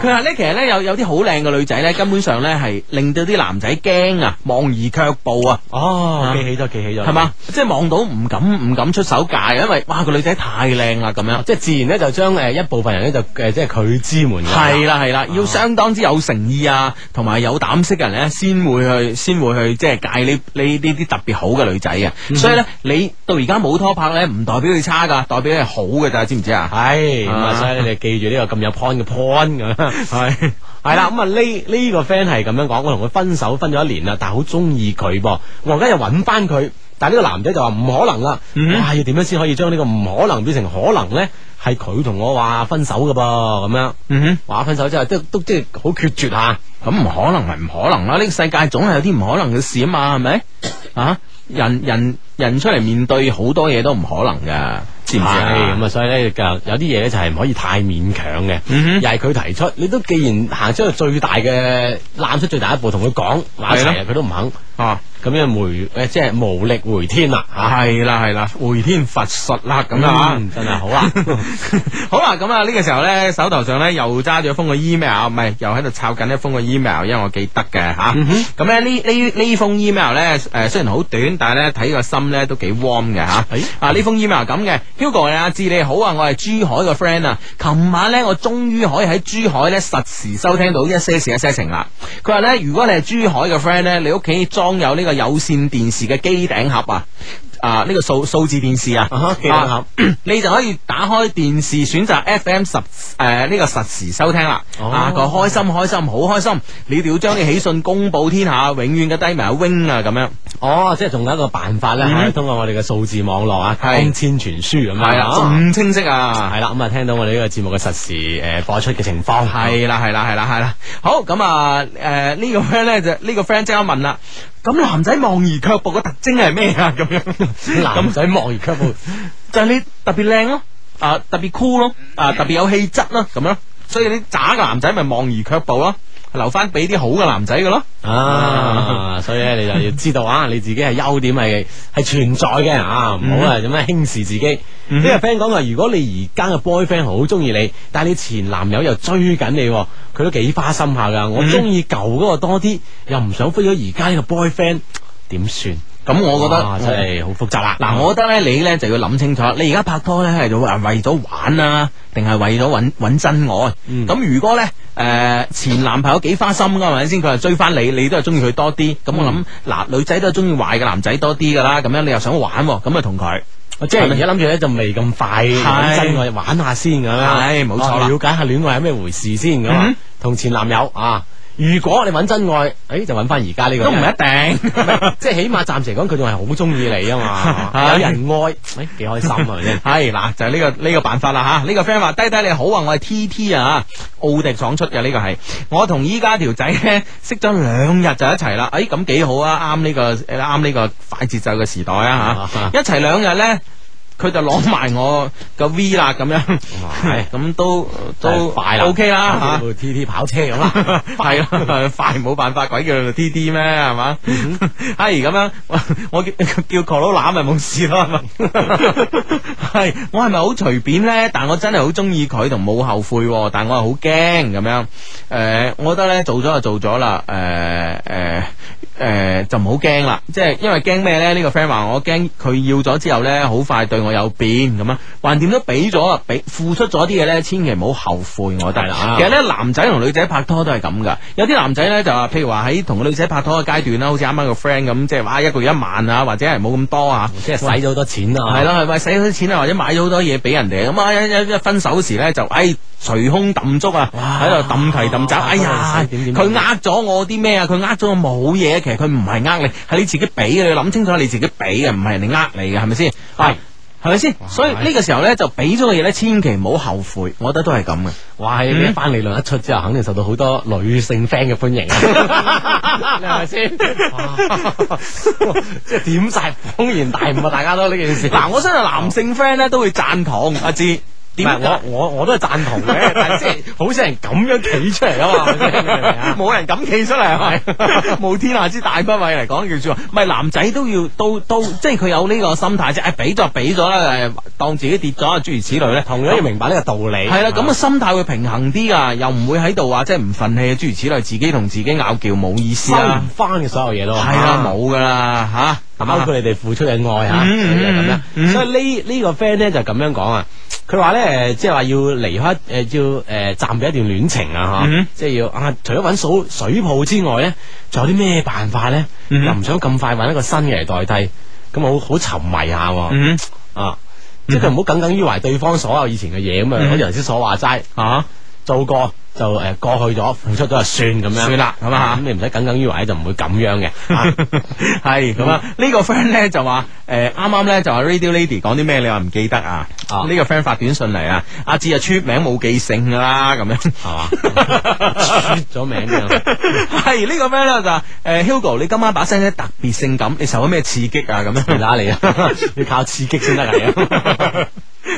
佢話咧，其實咧有有啲好靚嘅女仔咧，根本上咧係令到啲男仔驚啊，望而卻步啊。哦，記起咗，記起咗，係嘛，即係望到唔敢唔敢出手戒，因為哇個女仔太靚啦，咁樣即係自然咧就將誒一部分人咧就誒即係拒之門外。係啦係啦，要相當之有誠意啊，同埋有膽識嘅人咧，先會去先會去即係戒呢呢呢啲特別好嘅女仔啊。所以咧，你到而家冇拖拍咧，唔代表你差噶，代表你係好嘅咋，知唔知啊？係咁啊，所以你記住呢個咁有 point。Point 咁係係啦，咁啊呢呢個 friend 係咁樣講，我同佢分手分咗一年啦，但係好中意佢噃，我而家又揾翻佢，但係呢個男仔就話唔可能啦，嗯、mm，係、hmm. 要點樣先可以將呢個唔可能變成可能咧？係佢同我話分手噶噃，咁樣，嗯哼、mm，話、hmm. 分手之後，即係都即係好決絕啊，咁唔可能係唔可能啦，呢、這個世界總係有啲唔可能嘅事啊嘛，係咪啊？人人人出嚟面對好多嘢都唔可能噶。係咁啊，所以咧，有啲嘢咧就係唔可以太勉強嘅。又係佢提出，你都既然行出去最大嘅攬出最大一步，同佢講話成日佢都唔肯啊。咁樣回誒，即係無力回天啦，係啦係啦，回天乏術啦，咁啊，嗯、真係好啦、啊， <laughs> 好啦、啊，咁啊呢個時候咧，手頭上咧又揸住封個 email，唔係又喺度抄緊一封個 email，、呃、em 因為我記得嘅吓。咁、啊、咧、嗯、哼呢呢呢封 email 咧，誒雖然好短，但係咧睇個心咧都幾 warm 嘅吓。啊呢、嗯啊、封 email 咁嘅，Hugo 阿志你好啊，我係珠海個 friend 啊。琴晚咧我終於可以喺珠海咧實時收聽到一些事一些情啦。佢話咧，如果你係珠海嘅 friend 咧，你屋企裝有呢、這個。有線電視嘅機頂盒啊，啊呢個數數字電視啊，機頂盒，你就可以打開電視，選擇 FM 十誒呢個實時收聽啦。啊個開心開心，好開心！你哋要將你喜訊公布天下，永遠嘅低迷啊 wing 啊咁樣。哦，即係仲有一個辦法咧，通過我哋嘅數字網絡啊，千千傳書咁樣啊，咁清晰啊。係啦，咁啊聽到我哋呢個節目嘅實時誒播出嘅情況。係啦係啦係啦係啦，好咁啊誒呢個 friend 咧就呢個 friend 即刻問啦。咁男仔望而卻步嘅特徵係咩啊？咁樣，男仔望而卻步就係你特別靚咯，啊特別酷咯，啊特別有氣質咯，咁樣，所以啲渣嘅男仔咪望而卻步咯。留翻俾啲好嘅男仔㗎咯，啊， <laughs> 所以咧你就要知道啊，你自己係優點係係存在嘅 <laughs> 啊，唔好咁樣輕視自己。呢個 friend 講話，如果你而家嘅 boyfriend 好中意你，但係你前男友又追緊你，佢都幾花心下噶，我中意舊嗰個多啲，嗯、哼又唔想飛咗而家呢個 boyfriend，點算？咁我覺得哇，真係好複雜、嗯、啦！嗱，我覺得咧，你咧就要諗清楚，你而家拍拖咧係做為咗玩啊，定係為咗揾揾真愛？咁、嗯、如果咧誒、呃嗯、前男朋友幾花心㗎嘛先，佢又追翻你，你都係中意佢多啲。咁我諗嗱、嗯，女仔都係中意壞嘅男仔多啲㗎啦。咁樣你又想玩，咁啊同佢，即係而家諗住咧就未咁快揾真愛，是玩下先咁啊。冇錯了解下戀愛係咩回事先咁，同、嗯、前男友啊。如果你揾真愛，誒就揾翻而家呢個都唔一定，即係起碼暫時嚟講，佢仲係好中意你啊嘛， <laughs> 有人愛，誒幾開心啊，係嗱， <laughs> 就係呢個呢個辦法啦吓，呢個 friend 話：低低 <laughs> 你好啊，我係 T T 啊，奧迪廠出嘅呢個係，我同依家條仔咧識咗兩日就一齊啦，誒咁幾好啊，啱呢個啱呢個快節奏嘅時代啊吓， <laughs> <laughs> 一齊兩日咧。佢就攞埋我個 V 啦，咁樣係咁都都快啦，OK 啦吓。部 T T 跑車咁啦，快啦，快冇辦法，鬼叫你 T T 咩係嘛？係咁樣，我叫叫 Carlos 攬咪冇事咯。係我係咪好隨便咧？但我真係好中意佢，同冇後悔，但我係好驚咁樣。誒，我覺得咧做咗就做咗啦。誒誒誒，就唔好驚啦。即係因為驚咩咧？呢個 friend 話我驚佢要咗之後咧，好快對我。有變咁啊，還掂都俾咗，俾付出咗啲嘢咧，千祈唔好後悔我得啦。的其實咧，的男仔同女仔拍拖都係咁噶，有啲男仔咧就話，譬如話喺同個女仔拍拖嘅階段啦，好似啱啱個 friend 咁，即係話一個月一萬啊，或者係冇咁多啊，即係使咗好多錢啊，係咯，係咪使咗錢啊，或者買咗好多嘢俾人哋咁啊？一一分手時咧就唉，隨、哎、空抌足啊，喺度抌提抌爪，吞吞哇哎呀呦，佢呃咗我啲咩啊？佢呃咗我冇嘢，其實佢唔係呃你，係你自己俾嘅，你諗清楚你自己俾嘅，唔係人哋呃你嘅，係咪先？係的。係咪先？哇所以呢個時候咧，就俾咗個嘢咧，千祈唔好後悔。我覺得都係咁嘅。哇，呢番理論一出之後，肯定受到好多女性 friend 嘅歡迎。係咪先？即係點晒？謊言大誤啊！大家都呢 <laughs> 件事。嗱，我相信男性 friend 咧都會讚同阿志。啊點，我我我都係贊同嘅，但係即係好少人咁樣企出嚟啊嘛，冇人敢企出嚟係咪？冇天下之大不為嚟講叫做唔係男仔都要都都即係佢有呢個心態，即係誒俾咗俾咗啦，誒當自己跌咗啊，諸如此類咧，同樣要明白呢個道理。係啦，咁嘅心態會平衡啲啊，又唔會喺度話即係唔忿氣諸如此類，自己同自己拗叫冇意思啦。收唔翻嘅所有嘢都係啦，冇噶啦吓。包括你哋付出嘅愛吓，所以咁樣。所以呢呢個 friend 咧就咁樣講啊，佢話咧，即係話要離開，誒要誒暫避一段戀情啊，吓，即係要啊除咗揾數水泡之外咧，仲有啲咩辦法咧？又唔想咁快揾一個新嘅嚟代替，咁好好沉迷下，啊，即係佢唔好耿耿於懷對方所有以前嘅嘢咁啊，好似頭先所話齋啊，做過。就誒過去咗，付出咗就算咁樣，算啦，係嘛？咁你唔使耿耿於懷，就唔會咁樣嘅。係咁啊，呢個 friend 咧就話誒，啱啱咧就話 Radio Lady 講啲咩，你話唔記得啊？呢個 friend 發短信嚟啊，阿志啊，出名冇記性噶啦，咁樣係嘛？出咗名嘅係呢個 friend 咧就誒，Hugo，你今晚把聲咧特別性感，你受咗咩刺激啊？咁樣打你啊，你靠刺激先得嘅。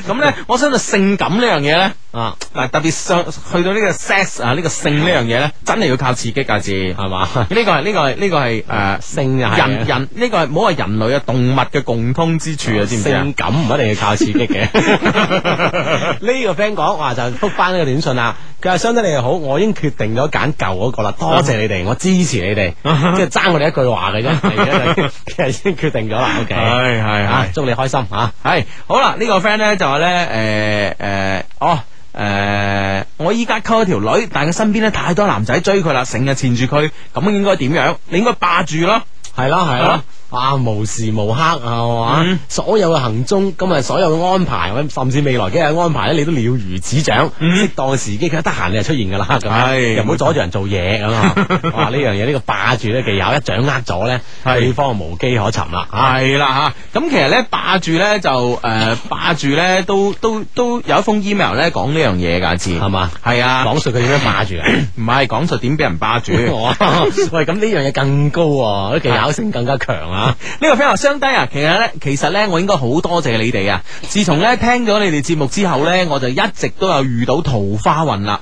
咁咧，我想問性感呢樣嘢咧。啊！但特別相去到呢個 sex 啊，呢個性呢樣嘢咧，真係要靠刺激噶，至係嘛？呢個係呢個係呢個係誒，性又人人呢個係，唔好話人類嘅動物嘅共通之處啊，知唔知啊？性感唔一定要靠刺激嘅。呢個 friend 講話，就覆翻呢個短信啦。佢話相對你又好，我已經決定咗揀舊嗰個啦。多謝你哋，我支持你哋，即係爭我哋一句話嘅啫。其實已經決定咗啦。O K，係係啊，祝你開心吓。係好啦，呢個 friend 咧就話咧，誒誒，哦。誒、呃，我依家溝咗條女，但係佢身邊咧太多男仔追佢啦，成日纏住佢，咁應該點樣？你應該霸住咯，係啦係啦。 <noise> 啊，無時無刻啊，哇、嗯！所有嘅行蹤，今日所有嘅安排，甚至未來嘅安排咧，你都了如指掌。適、嗯、當嘅時機，得閒你就出現噶啦，咁、哎、又唔好阻住人做嘢咁啊！哎、哇，呢 <laughs> 樣嘢呢、呢個霸住咧，技巧一掌握咗咧，對是方無機可尋啦，係啦吓。咁其實咧霸住咧就誒、呃、霸住咧都都都有一封 email 咧講呢樣嘢噶，知係嘛？係啊，講述佢點樣霸住？啊？唔係講述點俾人霸住。喂，咁呢樣嘢更高，啲技巧性更加強啊！呢、啊這個朋友相低啊，其實咧，其實咧，我應該好多謝你哋啊！自從咧聽咗你哋節目之後咧，我就一直都有遇到桃花運啦。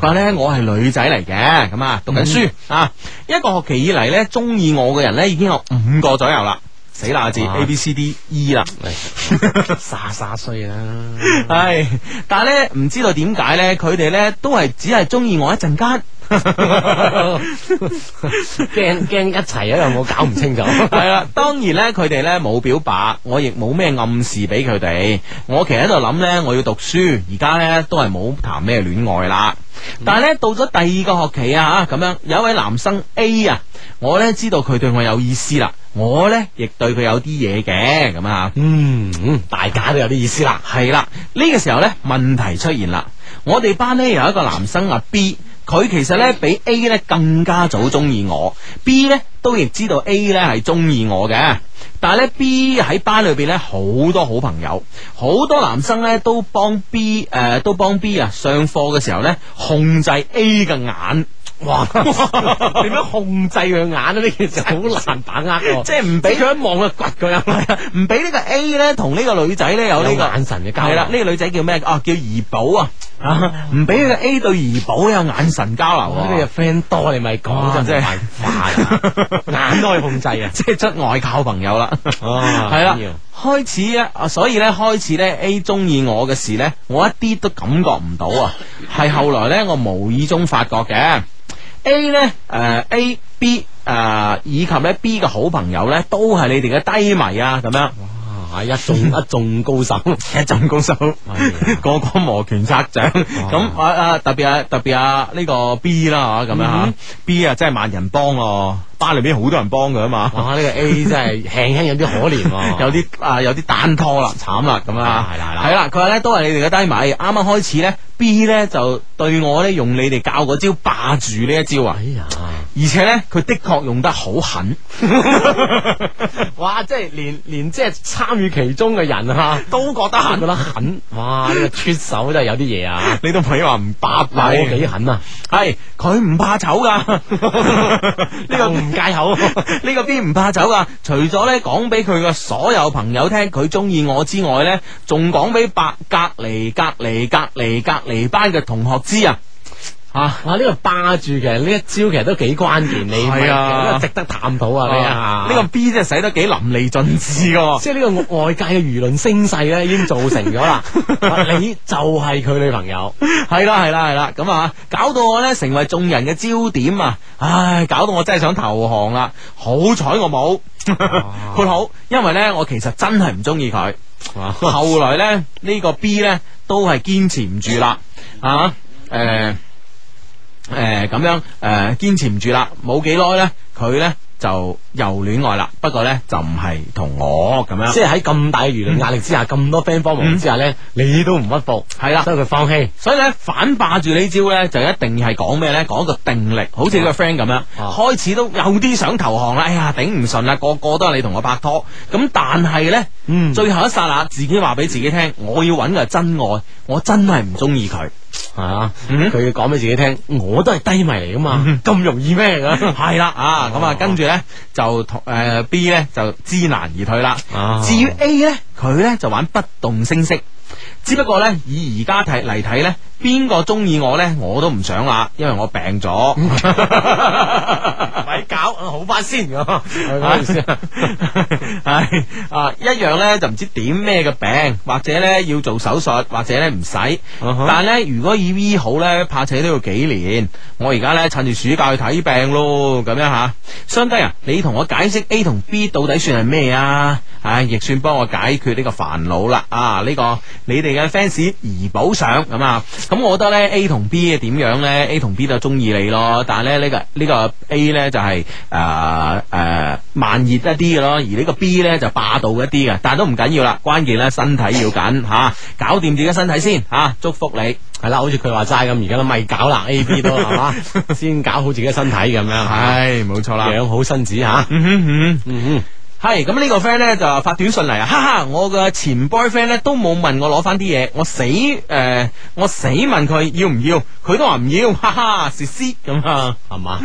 但係咧，我係女仔嚟嘅，咁啊，讀緊書、嗯、啊，一個學期以嚟咧，中意我嘅人咧已經有五個左右啦。死啦！字、啊、A B C D E 啦，傻傻衰啦，係，但係咧唔知道點解咧，佢哋咧都係只係中意我一陣間，驚 <laughs> 驚 <laughs> 一齊啊！因為我搞唔清楚，係 <laughs> 啦。 <laughs> 當然咧，佢哋咧冇表白，我亦冇咩暗示俾佢哋。我其實喺度諗咧，我要讀書，而家咧都係冇談咩戀愛啦。嗯、但係咧到咗第二個學期啊，咁樣有一位男生 A 啊，我咧知道佢對我有意思啦。我呢亦對佢有啲嘢嘅咁啊，嗯嗯，大家都有啲意思啦。係啦，呢、這個時候呢問題出現啦。我哋班呢有一個男生啊 B，佢其實呢比 A 呢更加早中意我。B 呢都亦知道 A 呢係中意我嘅，但係呢 B 喺班裏邊呢好多好朋友，好多男生呢都幫 B 誒、呃、都幫 B 啊上課嘅時候呢控制 A 嘅眼。哇！點樣 <laughs> 控制佢眼呢，其實好難把握喎、啊， <laughs> 即係唔俾佢一望啊，掘佢啊！唔俾呢個 A 咧同呢個女仔咧有呢個眼神嘅交流。係啦，呢個女仔叫咩？哦、啊，叫怡寶啊！唔俾個 A 對怡寶有眼神交流啊！呢個 friend 多係咪？咁就真係煩啊！嗯 <laughs> 啊就是、 <laughs> 眼都係控制啊，即 <laughs> 係 <laughs> 出外交朋友啦、 <laughs> <laughs> 啊。哦、 <laughs> <laughs> 啊，係啦， <laughs> 開始啊。所以咧，開始咧，A 中意我嘅事呢，我一啲都感覺唔到啊。係 <laughs> <laughs> 後來呢，我無意中發覺嘅。A 咧，誒、呃、A B,、呃、B 誒以及咧 B 嘅好朋友咧，都係你哋嘅低迷啊，咁樣哇，一眾一眾高手， <laughs> 一眾高手，個個、哎、呀摩拳擦掌，咁、哎呀呃、啊特啊特別啊特別啊呢個 B 啦吓，咁樣吓、嗯、B 啊真係萬人幫咯、啊。班裏邊好多人幫佢啊嘛！啊呢個 A 真係輕輕有啲可憐，有啲啊有啲單拖，啦，慘啦咁啊！係啦係啦，係啦！佢話,咧都係你哋嘅低迷。啱啱開始咧，B 咧就對我咧用你哋教嗰招，霸住呢一招啊！哎呀，而且咧佢的確用得好狠。哇！即係連連即係參與其中嘅人吓都覺得行得狠。哇！呢個出手真係有啲嘢啊！你啲朋友話唔霸位幾狠啊？係佢唔怕醜噶，呢個。借口呢個邊唔怕走噶，除咗咧講俾佢嘅所有朋友聽佢中意我之外咧，仲講俾白隔離隔離隔離隔離班嘅同學知啊。啊！呢個霸住嘅呢一招，其實都幾關鍵，你係啊，這個、值得探討、這個、啊呢個 B 真係使得幾淋漓盡致噶，一大面即係呢個外界嘅輿論聲勢咧，已經造成咗啦。 <laughs> <laughs> 你就係佢女朋友，係啦係啦係啦，咁啊搞到我咧成為眾人嘅焦點啊！唉 <laughs> 對 animations，搞到我真係想投降啦！好彩我冇判好，因為咧我其實真係唔中意佢。後來咧呢個 B 咧都係堅持唔住啦啊！誒。 <laughs> 誒，咁樣誒，堅持唔住啦，冇幾耐咧，佢咧就又戀愛啦。不過咧就唔係同我咁樣，即係喺咁大嘅輿論壓力之下，咁、嗯、多 friend 幫忙之下咧，你都唔屈服，係啦了，放棄所以佢放棄。所以咧反霸住呢招咧，就一定係講咩咧？講個定力，好似呢個 friend 咁樣，啊、開始都有啲想投降啦。哎呀，頂唔順啦，個個都係你同我拍拖。咁但係咧，嗯、最後一剎那，自己話俾自己聽，我要揾嘅係真愛，我真係唔中意佢。係啊，佢講俾自己聽，嗯、哼我都係低迷嚟噶嘛，咁、嗯、哼容易咩？係啦 <laughs> 的，啊，咁啊，啊，跟住咧就同誒、呃、B 咧就知難而退啦。啊、至於 A 咧，佢咧就玩不動聲色。只不過咧，以而家睇嚟睇咧，邊個中意我咧，我都唔想啦，因為我病咗。咪 <laughs> <laughs> 搞，好翻先咁。係咪先？唉，啊，一樣咧就唔知點咩嘅病，或者咧要做手術，或者咧唔使。Uh huh. 但係咧，如果以醫好咧，怕且都要幾年。我而家咧趁住暑假去睇病咯，咁樣吓。相低啊，你同我解釋 A 同 B 到底算係咩啊？唉，亦算幫我解決呢個煩惱啦。啊，呢個你哋。fans 而補上咁啊，咁我覺得咧 A 同 B 係點樣咧，A 同 B 就中意你咯。但係咧呢個呢個 A 咧就係誒誒慢熱一啲嘅咯，而呢個 B 咧就霸道一啲嘅。但係都唔緊要啦，關鍵咧身體要緊吓、啊，搞掂自己身體先吓、啊。祝福你係啦，好似佢話齋咁，而家都咪搞啦 <laughs> ，A B 都係嘛，先搞好自己嘅身體咁樣。係冇錯啦，養好身子吓。啊 <laughs> <laughs> 係咁呢個 friend 咧就發短信嚟啊！哈哈，我嘅前 boyfriend 咧都冇問我攞翻啲嘢，我死誒、呃，我死問佢要唔要，佢都話唔要，哈哈，是師咁啊，係嘛？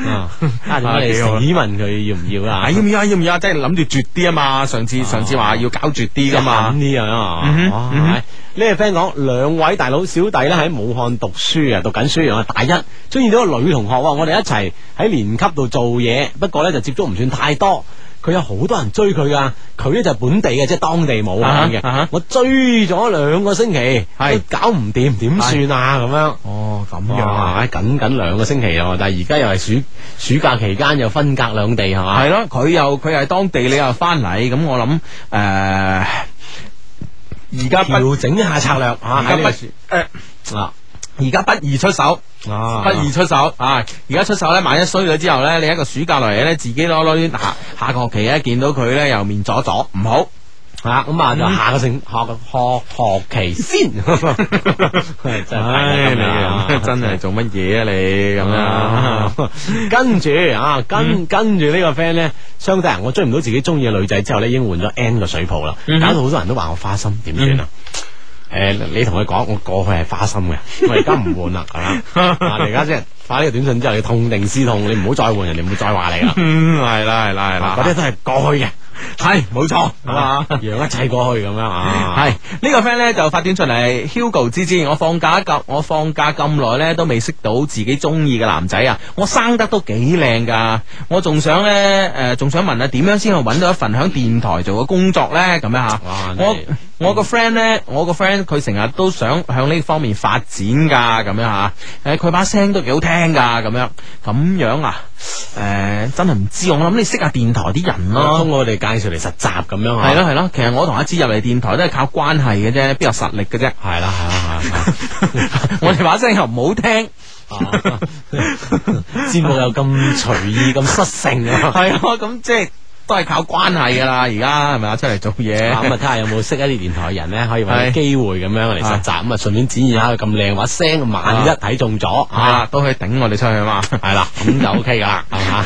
你死問佢要唔要啊？啊 <laughs> 要唔要？啊？要唔要？啊？真係諗住絕啲啊嘛！上次、啊、上次話要搞絕啲噶嘛？呢樣哇！呢個 friend 講，兩位大佬小弟咧喺武漢讀書啊，讀緊書，啊大一，中意到個女同學啊，我哋一齊喺年級度做嘢，不過咧就接觸唔算太多。佢有好多人追佢噶，佢咧就本地嘅，即係當地冇嚟嘅。的的我追咗兩個星期，都搞唔掂，點算啊？咁樣哦，咁樣啊，係僅僅兩個星期咯。但係而家又係暑暑假期間，又分隔兩地，係嘛？係咯，佢又佢係當地，你又翻嚟，咁我諗誒，而、呃、家調整一下策略啊！而家而家不宜出手，不宜出手啊！而家出手咧，萬一衰咗之後咧，你一個暑假嚟咧，自己攞攞下下個學期咧，見到佢咧又面阻阻。唔好吓咁啊下！下個成下個學學，學期先，哈哈哈哈 <laughs> 真係、哎、呀做乜嘢啊你咁樣？跟住啊，跟跟住呢個 friend 咧，傷得人，我追唔到自己中意嘅女仔之後咧，已經換咗 n d 個水泡啦，搞到好多人都話我花心，點算啊？嗯誒、呃，你同佢講，我過去係花心嘅，我而家唔換啦，係嘛，而家即係發呢個短信之後，你痛定思痛，你唔好再換，人哋唔會再話你啦。係啦係啦係啦，嗰啲、啊、都係過去嘅，係冇錯，係嘛，讓吧一切過去咁樣啊。係、啊這個、呢個 friend 咧就發短信嚟，Hugo 芝芝，我放假一咁，我放假咁耐咧都未識到自己中意嘅男仔啊，我生得都幾靚噶，我仲想咧誒，仲、呃、想問下點樣先去搵到一份響電台做嘅工作咧？咁樣吓，啊哎、呦我。我個 friend 咧，我個 friend 佢成日都想向呢方面發展㗎，咁樣嚇。誒，佢把聲都幾好聽㗎，咁樣咁樣啊。誒、呃，真係唔知，我諗你識下電台啲人咯。通過我哋介紹嚟實習咁樣啊。係咯係咯，其實我同阿芝入嚟電台都係靠關係嘅啫，邊有實力嘅啫。係啦係啦係啦，我哋把聲又唔好聽，節目 <laughs> 有咁隨意咁 <laughs> 失性啊。係啊，咁即係。都係靠關係噶啦，而家係咪啊？是是出嚟做嘢咁啊，睇下，嗯、有冇識一啲電台人咧，可以揾啲機會咁樣嚟實習，咁啊順便展現下佢咁靚話聲，萬一睇中咗的的啊，都可以頂我哋出去嘛。係啦，咁就 OK 噶啦，係嘛。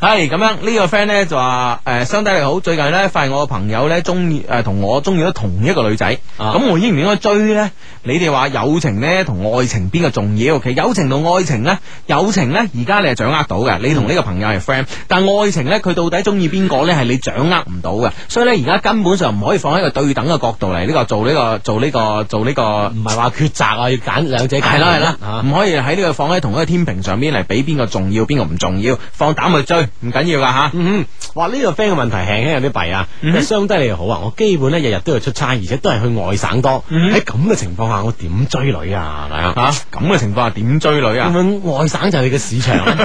係咁樣，這個，呢個 friend 咧就話誒，相對嚟好，最近咧發現我個朋友咧中意誒，同、呃、我中意咗同一個女仔，咁、嗯、我應唔應該追咧？你哋話友情呢同愛情邊個重要？其實友情同愛情呢，友情呢而家你係掌握到嘅，你同呢個朋友係 friend。但愛情呢，佢到底中意邊個呢？係你掌握唔到嘅。所以呢，而家根本上唔可以放喺個對等嘅角度嚟呢個做呢個做呢個做呢個。唔係話抉擇啊，要揀兩者。係啦，係啦，唔可以喺呢個放喺同一個天平上邊嚟比邊個重要邊個唔重要，放膽去追，唔緊要噶吓。啊、嗯呢、呢個 friend 嘅問題輕輕有啲弊啊，嗯、相低你又好啊。我基本呢日日都要出差，而且都係去外省多。喺咁嘅情況下。我點追女啊？吓，咁嘅情況下點追女啊？咁外省就係個市場，啊，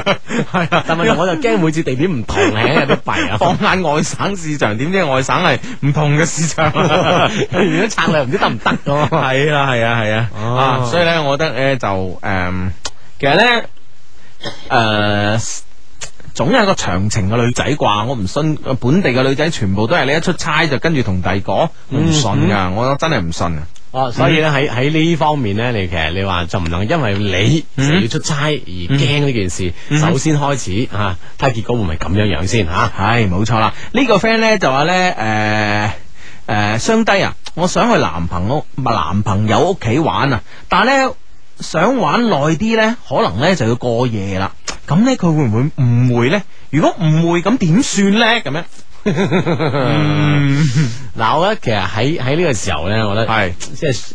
係但係我就驚每次地點唔同咧，啲弊 <laughs> 啊！放眼外省市場，點 <laughs> 知外省係唔同嘅市場，啊？如果 <laughs> 策略，唔知得唔得咁啊？係 <laughs> <laughs> 啊，係啊，係啊，啊！啊，所以咧，我覺得咧、呃、就誒、呃，其實咧誒、呃，總有一個長情嘅女仔啩，我唔信本地嘅女仔全部都係你一出差就跟住同第二個，唔信噶，我真係唔信、嗯、啊！哦、啊，所以咧喺喺呢方面咧，你其實你話就唔能因為你成日要出差而驚呢件事。嗯、首先開始吓睇、嗯啊、結果會唔會咁樣樣先吓？係冇錯啦。哎錯這個、呢個 friend 咧就話咧誒誒，雙、呃呃、低啊！我想去男朋友唔係男朋友屋企玩啊，但係咧想玩耐啲咧，可能咧就要過夜啦。咁咧佢會唔會誤會咧？如果誤會咁點算咧？咁樣？嗱，我得其實喺喺呢個時候咧，我覺得係 <laughs> 即係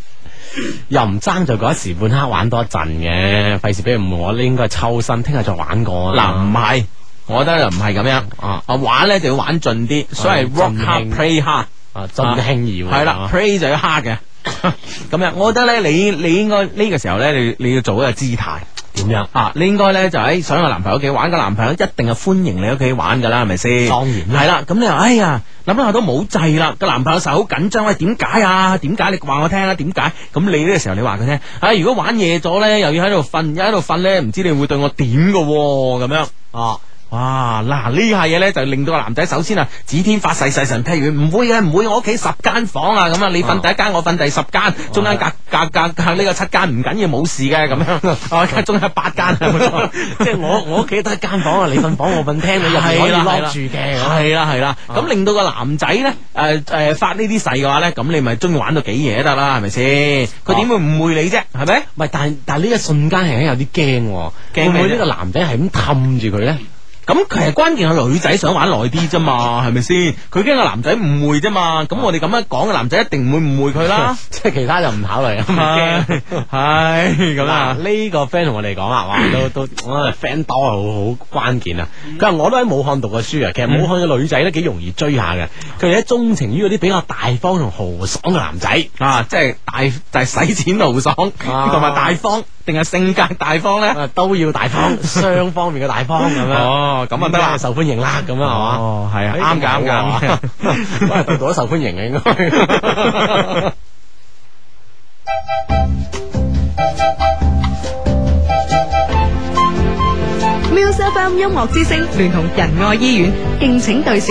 又唔爭就講一時半刻玩多一陣嘅，費事俾人誤會咧，應該抽身，聽日再玩過。嗱、啊，唔係，我覺得又唔係咁樣啊！啊玩咧就要玩盡啲，所以 rock 慶 hard play hard 啊，真輕而係啦 <laughs> ，play 就要 hard 嘅。咁 <laughs> 樣，我覺得咧，你你，你應該呢個時候咧，你你，你，你要做一個姿態。點樣啊？你應該咧就喺上個男朋友屋企玩，個男朋友一定係歡迎你屋企玩噶啦，係咪先？當然係啦。咁你話哎呀，諗下都冇制啦。個男朋友成日好緊張，喂、哎，點解啊？點解？你話我聽、啊、啦，點解？咁你呢個時候你話佢聽。啊、哎，如果玩夜咗咧，又要喺度瞓，又喺度瞓咧，唔知你會對我點噶？咁樣啊？哇！嗱，呢下嘢咧就令到個男仔首先啊，指天發誓，誓神劈願，唔會嘅，唔會。我屋企十間房啊，咁啊，你瞓第一間，我瞓第十間，中間隔隔隔隔呢個七間唔緊要，冇事嘅咁樣。哦，中間八間，即係我我屋企得一間房啊，你瞓房，我瞓廳，我又可以落住嘅。係啦係啦，咁令到個男仔咧誒誒發呢啲誓嘅話咧，咁你咪中意玩到幾嘢得啦，係咪先？佢點會誤會你啫？係咪？係，但但係呢一瞬間係有啲驚，會唔會呢個男仔係咁氹住佢咧？咁其實關鍵係女仔想玩耐啲啫嘛，係咪先？佢驚個男仔誤會啫嘛。咁我哋咁樣講嘅男仔一定唔會誤會佢啦。即係 <laughs> 其他就唔考慮啊。係咁 <laughs> 啊。呢 <laughs> 個 friend 同我哋講啊，哇，都都我哋 friend 多啊，好 <laughs> 關鍵啊。佢話我都喺武漢讀過書啊。其實武漢嘅女仔咧幾容易追下嘅。佢哋咧鍾情於嗰啲比較大方同豪爽嘅男仔 <laughs> 啊，即、就、係、係、大就係、係、使錢豪爽同埋、啊、大方，定係性格大方咧？啊，都要大方，雙 <laughs> 方面嘅大方咁樣。 <laughs> <laughs> 咁啊得啦，受歡迎啦，咁樣係嘛？哦，係啊，啱噶啱噶，得到咗受歡迎啊，應該。Music FM 音樂之聲聯同仁愛醫院敬請對視。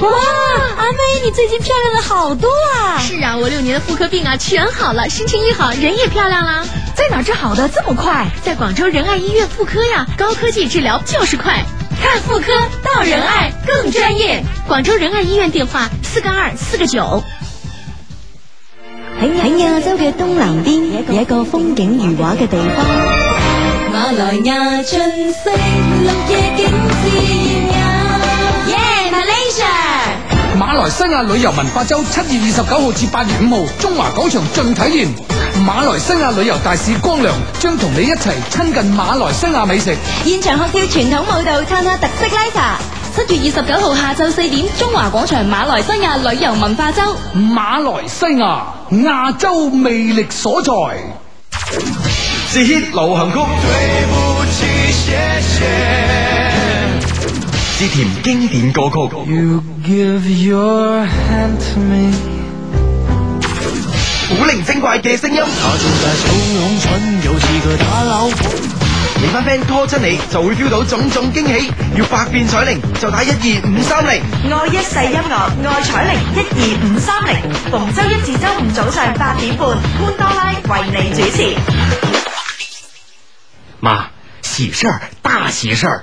哇，阿妹，你最近漂亮了好多啊！是啊，我六年的婦科病啊全好了，心情一好，人也漂亮啦。在哪治好得這麼快？在廣州仁愛醫院婦科呀，高科技治療就是快。看婦科到仁愛更專業。 <laughs> 廣州仁愛醫院電話四個二四個九。喺喺 <laughs> 亞洲嘅東南邊有一個風景如畫嘅地方。Malaysia. 馬來西亞旅遊文化周七月二十九號至八月五號，中華廣場盡體驗。馬來西亞旅遊大使光良將同你一齊親近馬來西亞美食。現場學跳傳統舞蹈，參加特色拉茶。七月二十九號下晝四點，中華廣場馬來西亞旅遊文化周。馬來西亞亞洲魅力所在。謝謝流行曲：「對不起，謝謝。之甜經典歌曲，古靈精怪嘅聲音。You give your hand to me。 <noise> 你班 friend call 出嚟就會 feel 到種種驚喜。要百變彩鈴就打一二五三零。愛一世音樂愛彩鈴一二五三零。逢周一至周五早上八點半，潘多拉為你主持。媽，喜事，大喜事！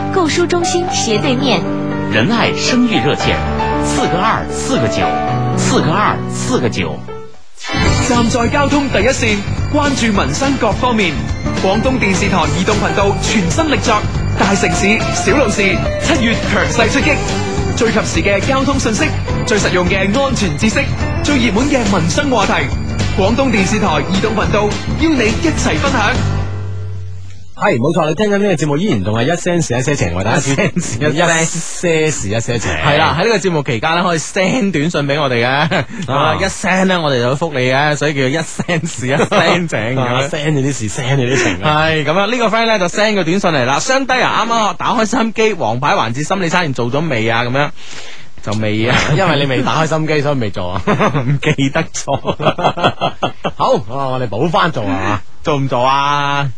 購書中心斜對面，仁愛生育熱線，四個二四個九，四個二四個九。站在交通第一綫，關注民生各方面。廣東電視台移動頻道全新力作《大城市小路綫》，七月強勢出擊，最及時嘅交通信息，最實用嘅安全知識，最熱門嘅民生話題。廣東電視台移動頻道邀你一齊分享。係，冇錯，你聽緊呢個節目依然仲係一聲事一聲情，或者一,一聲事一,一,一， <laughs> 一,一聲情。係啦，喺呢個節目期間咧，可以 send 短信俾我哋嘅，啊 <laughs> <laughs> 一聲呢，我哋就會覆你嘅，所以叫一聲事一聲情咁 <laughs> ，send <laughs> <laughs> 你啲事，send 你啲情。係咁啊，呢、這個 friend 呢，就 send 個短信嚟啦，相 <laughs> 低啊，啱啱打開心機，黃牌環節心理測驗做咗未啊？咁樣就未啊， <laughs> <laughs> 因為你未打開心機，所以未做啊，唔 <laughs> 記得咗。好，我哋補翻做， <laughs> 做，做啊，做唔做啊？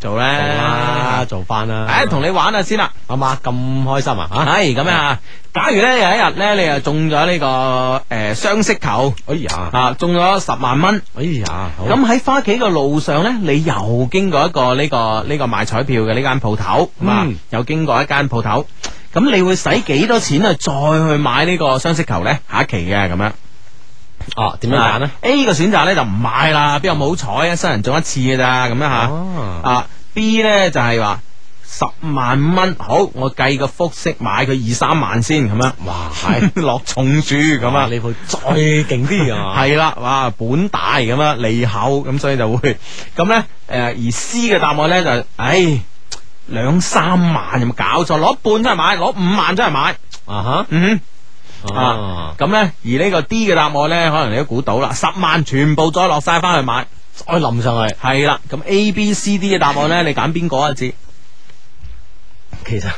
做咧，做翻啦！誒，同你玩下先啦、啊，阿媽咁開心啊吓！誒、啊，咁樣、啊、的假如咧有一日咧、呢個，你又中咗呢個誒雙色球，哎呀吓，中咗十萬蚊，哎呀，咁喺、哎、花旗嘅路上咧，你又經過一個呢、呢個呢、呢個買彩票嘅呢間鋪頭，嗯、啊，又經過一間鋪頭，咁你會使幾多錢啊？再去買呢個雙色球咧？下一期嘅咁樣。哦，點、啊、樣揀咧、啊、？A 個選擇咧就唔買啦，邊有冇好彩啊！新人中一次噶咋咁樣吓啊，啊，啊！B 咧就係、是、話十萬蚊，好我計個複式買佢二三萬先咁樣，哇係、哎、 <laughs> 落重注咁、哎、啊！你去再勁啲啊！係啦，哇本大咁啦，利厚，咁，所以就會咁咧。誒，而 C 嘅答案咧就係、是，唉、哎，兩三萬有冇搞錯，攞一半真係買，攞五萬真係買啊哈！吓嗯。啊，咁咧、啊，而呢個 D 嘅答案咧，可能你都估到啦，十萬全部再落晒翻去買，再淋上去，係啦，咁 A、B、C、D 嘅答案咧， <laughs> 你揀邊個啊？知，其實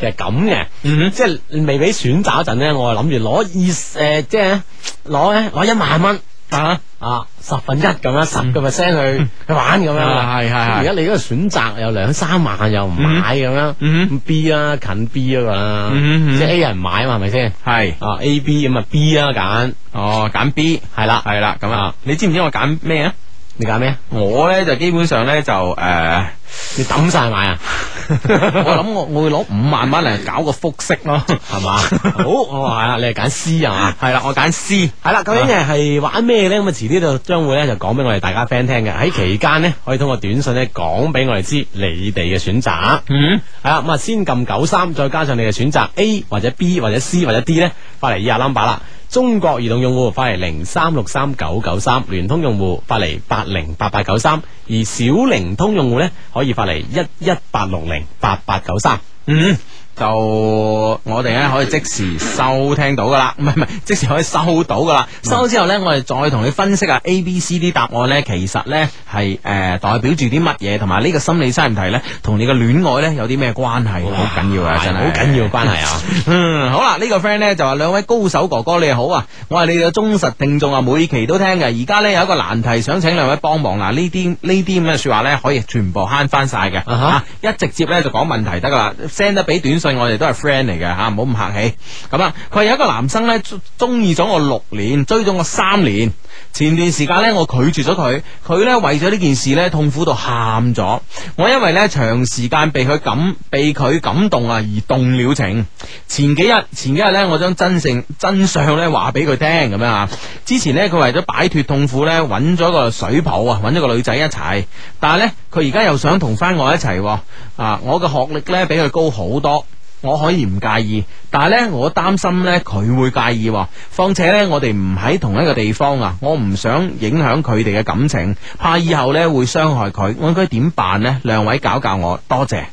其實咁嘅，嗯，即係未俾選擇嗰陣咧，我係諗住攞二，誒，即係攞咧，攞一萬蚊。啊十、啊、分一咁樣，十個 percent 去 <laughs> 去玩咁樣，係係係。而家你嗰個選擇有兩三萬又唔買咁樣，嗯 B 啦，近 B 啊嘛，即係 A 人買是啊嘛，係咪先？係啊 A B 咁啊 B 啦，揀哦揀 B，係啦係啦咁啊，哦、你知唔知我揀咩啊？你揀咩？我咧就基本上咧就誒，呃、你抌晒買啊！ <laughs> <laughs> 我諗我我會攞五萬蚊嚟搞個複式咯，係嘛？好，我話啊，你係揀 C 啊？嘛？係啦，我揀 C，係啦。 <laughs> 究竟係玩咩咧？咁啊，遲啲就將會咧就講俾我哋大家 friend 聽嘅。喺期間呢，可以通過短信咧講俾我哋知你哋嘅選擇。嗯，係啦，咁啊，先撳九三，再加上你嘅選擇 A 或者 B 或者 C 或者 D 咧，發嚟以下 number 啦。中國移動用戶發嚟零三六三九九三，聯通用戶發嚟八零八八九三，而小靈通用戶咧可以發嚟一一八六零八八九三。嗯。就我哋咧可以即時收聽到噶啦，唔係唔係即時可以收到噶啦，收咗之後咧，我哋再同你分析下 A、B、C、D 答案咧，其實咧係誒代表住啲乜嘢，同埋呢個心理猜唔題咧，同你嘅戀愛咧有啲咩關係好緊要啊，真係好緊要關係啊！嗯，好啦，呢個 friend 咧就話兩位高手哥哥你好啊，我係你哋嘅忠實聽眾啊，每期都聽嘅，而家咧有一個難題想請兩位幫忙嗱，呢啲呢啲咁嘅說話咧可以全部慳翻晒嘅吓，一直接咧就講問題得噶啦，send 得俾短。我哋都係 friend 嚟嘅吓，唔好唔客氣。咁啊，佢有一個男生呢，中意咗我六年，追咗我三年。前段時間呢，我拒絕咗佢，佢呢，為咗呢件事呢，痛苦到喊咗。我因為呢，長時間被佢感被佢感動啊而動了情。前幾日前幾日呢，我將真性真相呢話俾佢聽咁樣啊。之前呢，佢為咗擺脫痛苦呢，揾咗個水泡啊，揾咗個女仔一齊。但係呢，佢而家又想同翻我一齊啊！我嘅學歷呢，比佢高好多。我可以唔介意，但係咧，我擔心咧佢會介意。況且咧，我哋唔喺同一個地方啊，我唔想影響佢哋嘅感情，怕以後咧會傷害佢。我應該點辦咧？兩位教教我，多謝。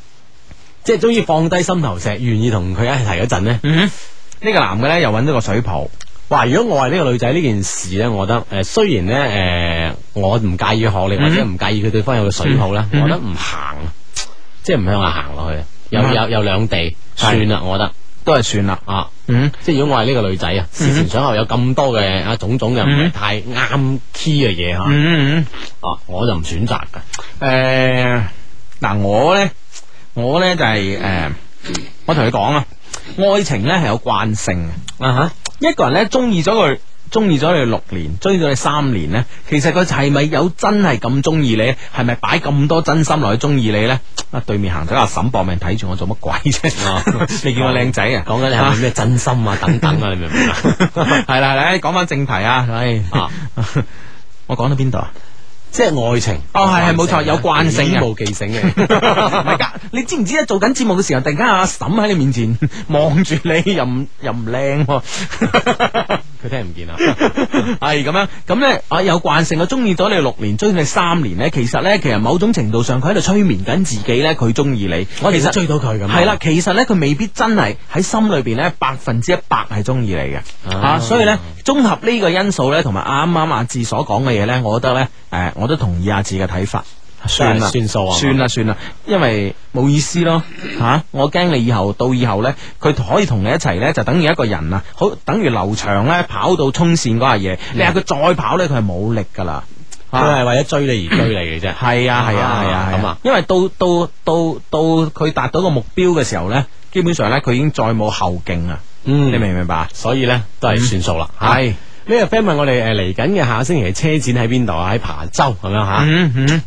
即係終於放低心頭石，願意同佢一齊一陣咧。呢、嗯、哼個男嘅咧又揾咗個水泡。話如果我係呢個女仔，呢件事咧，我覺得誒、呃，雖然咧誒、呃，我唔介意學歷、嗯、哼或者唔介意佢對方有個水泡啦，我覺得唔行，即係唔向下行落去。有有有兩地算啦，我覺得都係算啦啊！即係如果我係呢個女仔啊，事前想後有咁多嘅啊，種種又唔係太啱 key 嘅嘢吓，啊我就唔選擇嘅。誒嗱我咧，我咧就係誒，我同你講啊，愛情咧係有慣性啊吓，一個人咧中意咗佢。中意咗你六年，追咗你三年呢，其實佢係咪有真係咁中意你？係咪擺咁多真心落去中意你呢？啊，對面行咗，阿嬸搏命睇住我做乜鬼啫？你叫我靚仔啊？講緊你係咪咩真心啊？等等啊？你明唔明啊？係啦係啦，講翻正題啊！唉，我講到邊度啊？即係愛情哦，係係冇錯，有慣性、冇記性嘅。你知唔知咧？做緊節目嘅時候，突然間阿嬸喺你面前望住你，又唔又唔靚。佢 <laughs> 聽唔見啊，係 <laughs> 咁 <laughs> 樣，咁咧，啊有慣性，我中意咗你六年，追你三年咧，其實咧，其實某種程度上佢喺度催眠緊自己咧，佢中意你，我其實追到佢咁，係啦，其實咧佢未必真係喺心裏邊咧百分之一百係中意你嘅，啊，啊，所以咧綜合呢個因素咧，同埋啱啱阿志所講嘅嘢咧，我覺得咧，誒、呃，我都同意阿志嘅睇法。算啦，算數啊！算啦，算啦，因為冇意思咯吓，我驚你以後到以後咧，佢可以同你一齊咧，就等於一個人啊，好等於劉翔咧跑到衝線嗰下嘢，你話佢再跑咧佢係冇力噶啦，佢係為咗追你而追你嘅啫，係啊係啊係啊係咁啊，因為到到到到佢達到個目標嘅時候咧，基本上咧佢已經再冇後勁啦，嗯，你明唔明白？所以咧都係算數啦，係。呢個 friend 問我哋誒，嚟緊嘅下星期車展喺邊度啊？喺琶洲咁樣吓，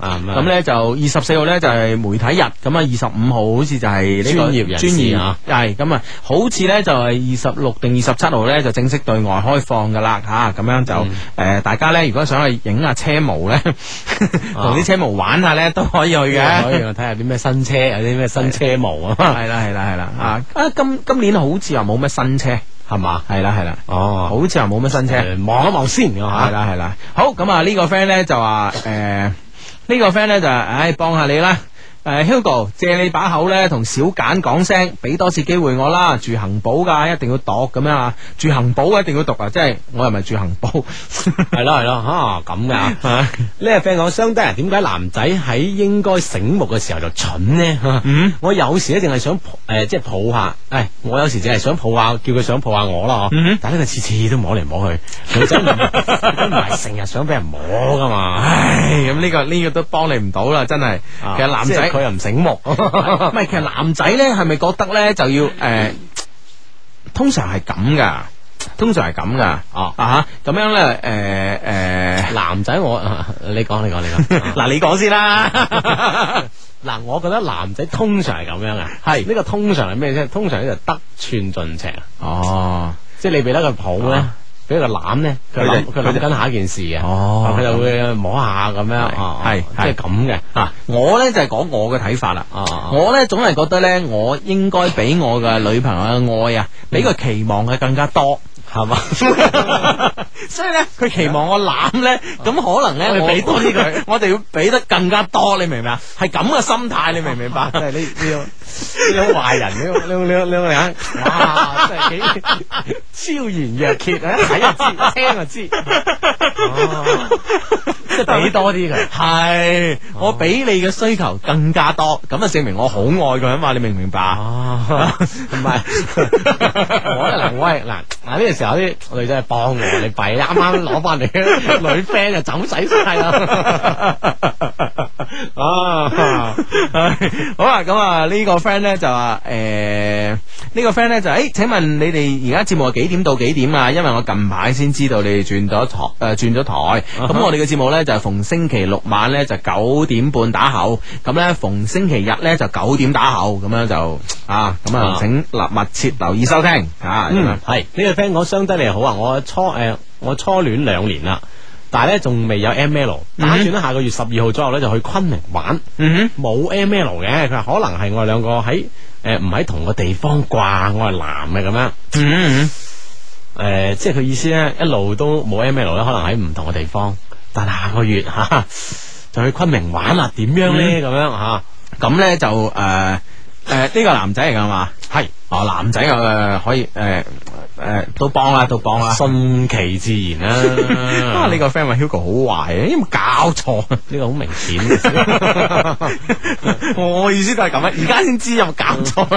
咁咧就二十四號咧就係媒體日，咁啊二十五號好似就係專業人士，係咁啊，好似咧就係二十六定二十七號咧就正式對外開放噶啦吓，咁樣就誒，大家咧如果想去影下車模咧，同啲車模玩下咧都可以去嘅，可以去睇下啲咩新車，有啲咩新車模啊，係啦係啦係啦啊！啊今今年好似又冇咩新車。係嘛？係啦，係啦。哦，oh. 好似又冇乜新車。望一望先看看，吓。係啦，係啦。好，咁啊呢、呃、 <laughs> 個 friend 咧就話，誒呢個 friend 咧就，唉幫下你啦。誒、uh，Hugo 借你把口咧，同小簡講聲，俾多次機會我啦。住恒寶噶，一定要度咁樣啊！住恒寶一定要讀 <laughs> <laughs> 啊！即係 <laughs> 我又咪住恒寶？係咯係咯，吓咁噶？呢個 friend 我相得啊？點解男仔喺應該醒目嘅時候就蠢呢？Mm? 我有時咧淨係想誒，即、呃、係、就是、抱下。誒、哎，我有時淨係想抱下，叫佢想抱下我咯。Mm? 但係咧次次都摸嚟摸去，你真唔係成日想俾人摸噶嘛？唉， <laughs> <laughs> 咁、哎、呢、呃這個呢、嗯哼這個都幫你唔到啦，真係。其實男仔。Uh. 佢又唔醒目，唔係，其實男仔咧係咪覺得咧就要誒、呃，通常係咁噶，通常係咁噶，哦啊，咁樣咧，誒、呃、誒，呃、男仔我，你講你講你講，嗱、 <laughs> 啊、你講先啦，嗱， <laughs> <laughs> 我覺得男仔通常係咁樣啊，係是，呢個通常係咩啫？通常咧就得寸進尺，哦，即係你俾得個抱咧。俾個攬咧，佢佢佢跟下一件事啊，佢就會摸下咁樣，係即係咁嘅吓。我咧就係講我嘅睇法啦。我咧總係覺得咧，我應該俾我嘅女朋友嘅愛啊，俾佢期望嘅更加多，係嘛？所以咧，佢期望我攬咧，咁可能咧我俾多啲佢，我哋要俾得更加多，你明唔明啊？係咁嘅心態，你明唔明白？即係你要。你好壞人，你你你你啊！哇，真係幾超然若揭一一一一啊！一睇就知，一聽就知，即係俾多啲佢。係、哦，我俾你嘅需求更加多，咁啊證明我好愛佢啊嘛！你明唔明白啊？唔係我咧，嗱我係嗱嗱呢個時候啲女仔幫我，你弊啱啱攞翻嚟，啱啱女 friend 就走死晒啦。 <laughs> <laughs> 啊，是好啦、啊，咁啊呢個 friend 呢就話，誒、呃、呢、呢個 friend 呢就誒，請問你哋而家節目係幾點到幾點啊？因為我近排先知道你哋轉咗台誒，轉咗台，咁、啊、我哋嘅節目呢就係、逢星期六晚呢就九點半打後，咁呢逢星期日呢就九點打後，咁樣就啊，咁啊、嗯、請密切留意收聽啊。係呢、嗯嗯、個 friend 我相得你好啊，我初誒、呃、我初戀兩年啦。但係咧，仲未有 M L，嗯、哼打算咧下個月十二號左右咧就去昆明玩，冇 M L 嘅。佢話可能係我哋兩個喺誒唔喺同個地方啩，我係男嘅咁樣，誒、嗯哼呃，即係佢意思咧，一路都冇 M L 咧，可能喺唔同嘅地方。但係下個月吓、啊、就去昆明玩、嗯、哼啊？點樣咧？咁樣吓咁咧就誒誒呢個男仔嚟噶嘛？係。 <laughs> 哦，男仔啊可以誒誒，都幫啦，都幫啦，順其自然啦。啊，呢個 friend 話 Hugo 好壞，啊，有冇搞錯，呢個好明顯。我意思都係咁啊，而家先知有冇搞錯。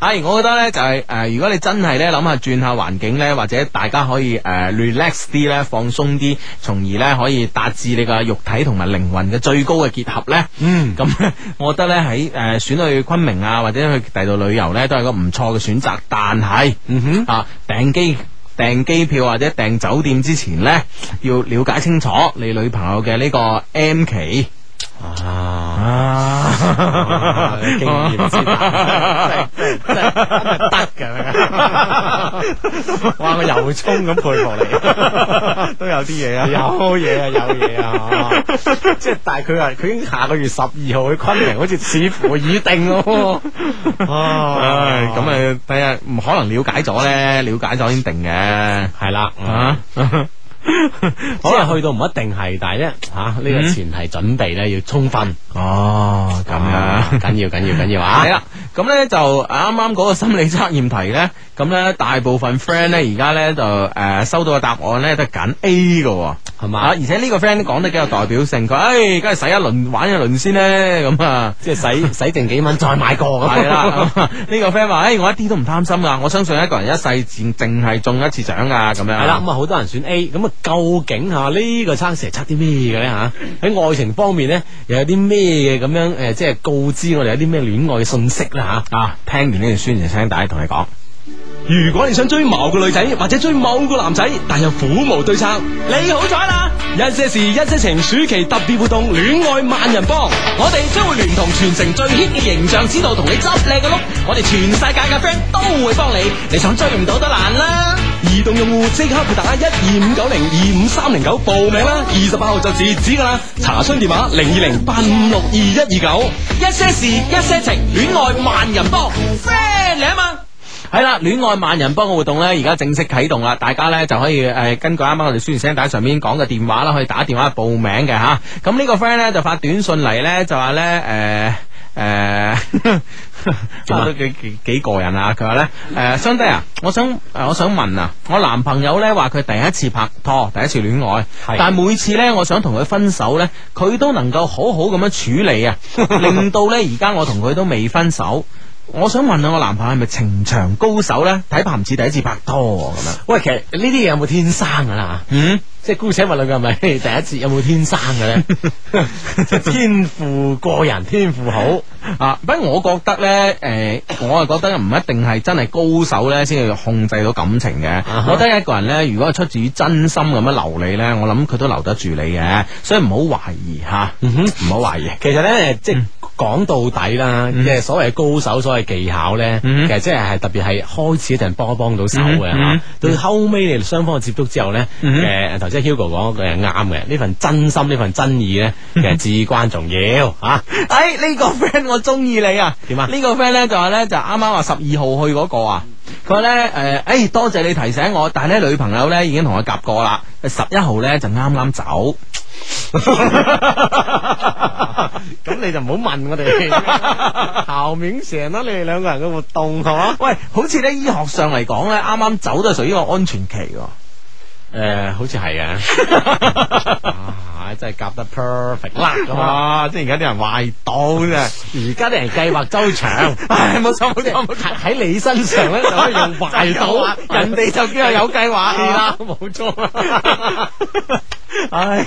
係我覺得咧就係誒，如果你真係咧諗下轉下環境咧，或者大家可以誒 relax 啲咧，放鬆啲，從而咧可以達至你個肉體同埋靈魂嘅最高嘅結合咧。嗯，咁我覺得咧喺誒選去昆明啊。嗯、哼啊，或者去第度旅遊咧，都係個唔錯嘅選擇，但係嗯哼，啊，訂機訂機票或者訂酒店之前咧，要了解清楚你女朋友嘅呢個 M 期啊。啊，啊啊啊啊經驗真得嘅啦！ <laughs> 是 <laughs> 是是 <laughs> 哇，我又衝咁佩服你，都有啲嘢啊，啊，有嘢啊，有 <laughs> 嘢啊！即係但係佢話佢已經下個月十二號去昆明，好似似乎已定咯。哦，咁啊，第日唔可能了解咗咧，了解咗先定嘅，係啦了、 <laughs> 啊，啊，好即係去到唔一定係，但係咧吓呢、啊呢個前提，前提準備咧要充分。哦，咁樣緊要緊要緊要啊！係、啊、啦，咁咧就啱啱嗰個心理測驗題咧，咁咧大部分 friend 咧而家咧就誒收到嘅答案咧都係揀 A 噶，係嘛吧、啊？而且呢個 friend 都講得幾有代表性，佢誒梗係使一輪玩一輪先咧，咁啊即係使洗，洗剩幾蚊再買過、 <laughs> <laughs> 啊這個咁。係、哎、啦，呢個 friend 話誒我一啲都唔貪心噶，我相信一個人一世淨淨係中一次獎啊。」咁樣。係啦，咁啊、 <laughs> 嗯、好多人選 A，咁啊究竟吓呢個測驗係測啲咩嘅咧吓？喺愛情方面咧又有啲咩？咩嘢咁樣誒、呃，即係告知我哋有啲咩戀愛嘅信息啦吓啊，啊！聽完呢段宣傳聲，大家同你講，如果你想追某個女仔或者追某個男仔，但又苦無對策，你好彩啦！一些事，一些情，暑期特別活動，戀愛萬人幫，我哋將會聯同全城最 hit 嘅形象，指導同你執靚嘅碌，我哋全世界嘅 friend 都會幫你，你想追唔到都難啦。移動用戶即刻撥打一二五九零二五三零九報名啦，二十八號就截止噶啦。查詢電話零二零八五六二一二九。一些事，一些情，戀愛萬人幫，friend 啊嘛。係啦，戀愛萬人幫嘅活動呢，而家正式啟動啦，大家呢，就可以誒、呃，根據啱啱我哋宣傳聲帶上面講嘅電話啦，可以打電話去報名嘅吓。咁呢個 friend 呢，就發短信嚟呢，就話呢。誒、呃。誒，做得幾幾幾個人啊！佢話呢：呃「誒，相爹啊，我想誒、呃，我想問啊，我男朋友呢話佢第一次拍拖，第一次戀愛，的但係每次呢，我想同佢分手呢，佢都能夠好好咁樣處理啊， <laughs> 令到呢而家我同佢都未分手。我想問下我男朋友係咪情場高手呢？睇怕唔似第一次拍拖咁樣。喂，其實呢啲嘢有冇天生噶、啊、啦？嗯。即係姑且問你係咪第一次，有冇天生嘅咧？天賦，個人天賦好啊！不過我覺得咧，誒，我係覺得唔一定係真係高手咧先至控制到感情嘅。我覺得一個人咧，如果係出自於真心咁樣留你咧，我諗佢都留得住你嘅。所以唔好懷疑吓，唔好懷疑。其實咧，即係講到底啦，即係所謂高手、所謂技巧咧，其實即係係特別係開始一定幫一幫到手嘅。吓，到後屘你哋雙方嘅接觸之後咧，誒，頭先。即係 Hugo 講嘅係啱嘅，呢份真心，呢份真意咧，其實至關重要吓。哎，呢個 friend 我中意你啊！點啊？呢個 friend 咧就話咧就啱啱話十二號去嗰個啊，佢話咧誒，哎，多謝你提醒我，但係咧，女朋友咧已經同我夾過啦，十一號咧就啱啱走。咁、 <laughs> <laughs> 啊、你就唔好問我哋效面成日啦，你哋兩個人嘅活動係嘛？啊、喂，好似咧醫學上嚟講咧，啱啱走都係屬於個安全期喎。誒、嗯，好似係 <laughs> 啊，真啊真係夾得 perfect 啦，嘛，即係而家啲人壞到，啫， <laughs> 而家啲人計劃周詳，係冇錯，喺你身上咧就可以用壞到，人哋就叫做有計劃，係啦、 <laughs> 啊，冇錯，唉、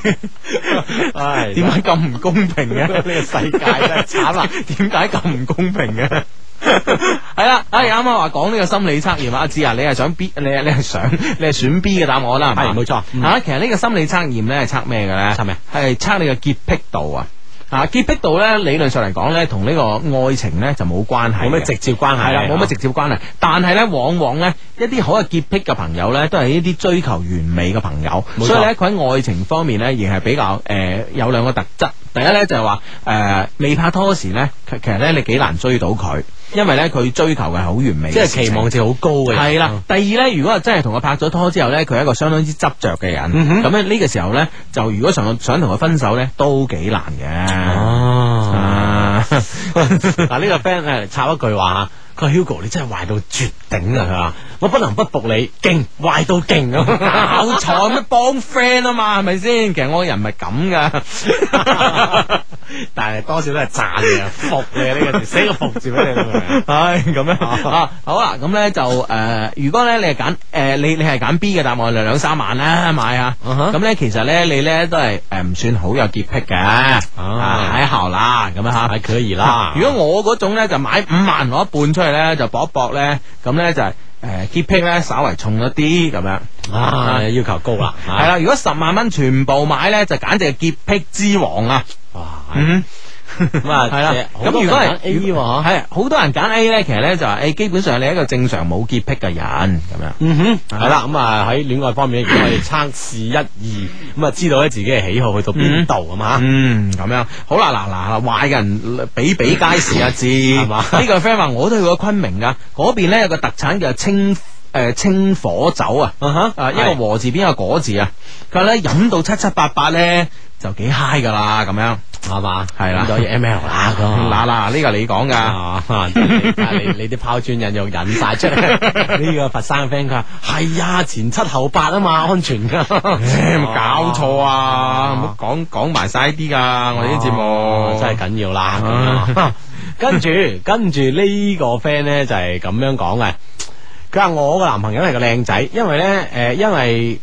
<laughs> <laughs> 哎，唉，點解咁唔公平嘅、啊、呢、呢個世界真係慘啊，點解咁唔公平嘅？係啦，哎，啱啱話講呢個心理測驗啊，阿志啊，你係想 B，你你係想你係選 B 嘅答案啦，係咪？係冇錯吓。其實呢個心理測驗咧係測咩嘅咧？測咩？係測你嘅潔癖度啊！吓潔癖度咧，理論上嚟講咧，同呢個愛情咧就冇關係，冇咩直接關係啦，冇乜直接關係。但係咧，往往咧一啲好有潔癖嘅朋友咧，都係一啲追求完美嘅朋友，所以咧佢喺愛情方面咧，亦係比較誒有兩個特質。第一咧就係話誒未拍拖時咧，其實咧你幾難追到佢。因為咧佢追求嘅係好完美，即係期望值好高嘅。係啦，第二咧，如果真係同佢拍咗拖之後咧，佢係一個相當之執着嘅人，咁咧呢個時候咧，就如果想想同佢分手咧，都幾難嘅。嗱呢個 friend 誒插一句話，佢話 Hugo 你真係壞到絕。頂啊佢啊！我不能不服你，勁壞到勁啊！好彩咩幫 friend 啊嘛，係咪先？其實我個人唔係咁噶，但係多少都係賺嘅，服你呢、啊這個死你，寫個服字俾你。唉、啊，咁樣好，好啦，咁咧就誒、呃，如果咧你係揀誒，你、呃、你係揀 B 嘅答案，就兩三萬啦，買啊，咁咧其實咧你咧都係誒唔算好有潔癖嘅，啊，還好啦，咁樣吓、啊，還可以啦。如果我嗰種咧就買五萬攞一半出嚟咧，就搏一搏咧，咁、嗯。嗯咧就係誒潔癖咧稍微重一啲咁樣啊，要求高啦，係啦。如果十萬蚊全部買咧，就簡直係潔癖之王啊哇，嗯。咁啊，係啦，咁如果係 A 喎，嗬，係好多人揀 A 咧，其實咧就話，誒，基本上你係一個正常冇潔癖嘅人咁樣。嗯哼，係啦，咁啊喺戀愛方面，我哋測試一二，咁啊知道咧自己嘅喜好去到邊度啊嘛。嗯，咁樣，好啦，嗱嗱壞嘅人比比皆是啊，知係嘛？呢個 friend 話我都去過昆明噶，嗰邊咧有個特產叫做清。誒，清火酒啊，啊一個和字，邊一個果字啊？佢話咧飲到七七八八咧，就幾 high 噶啦，咁樣係嘛？係啦，好多 ML 啦咁，嗱嗱，呢個你講噶，你你啲拋磚人又引晒出嚟。呢個佛山嘅 friend 佢話係啊，前七後八啊嘛，安全噶。搞錯啊！唔好講講埋晒啲噶，我哋啲節目真係緊要啦。跟住跟住呢個 friend 咧就係咁樣講嘅。佢話，我個男朋友係個靚仔，因為咧，誒、呃，因為。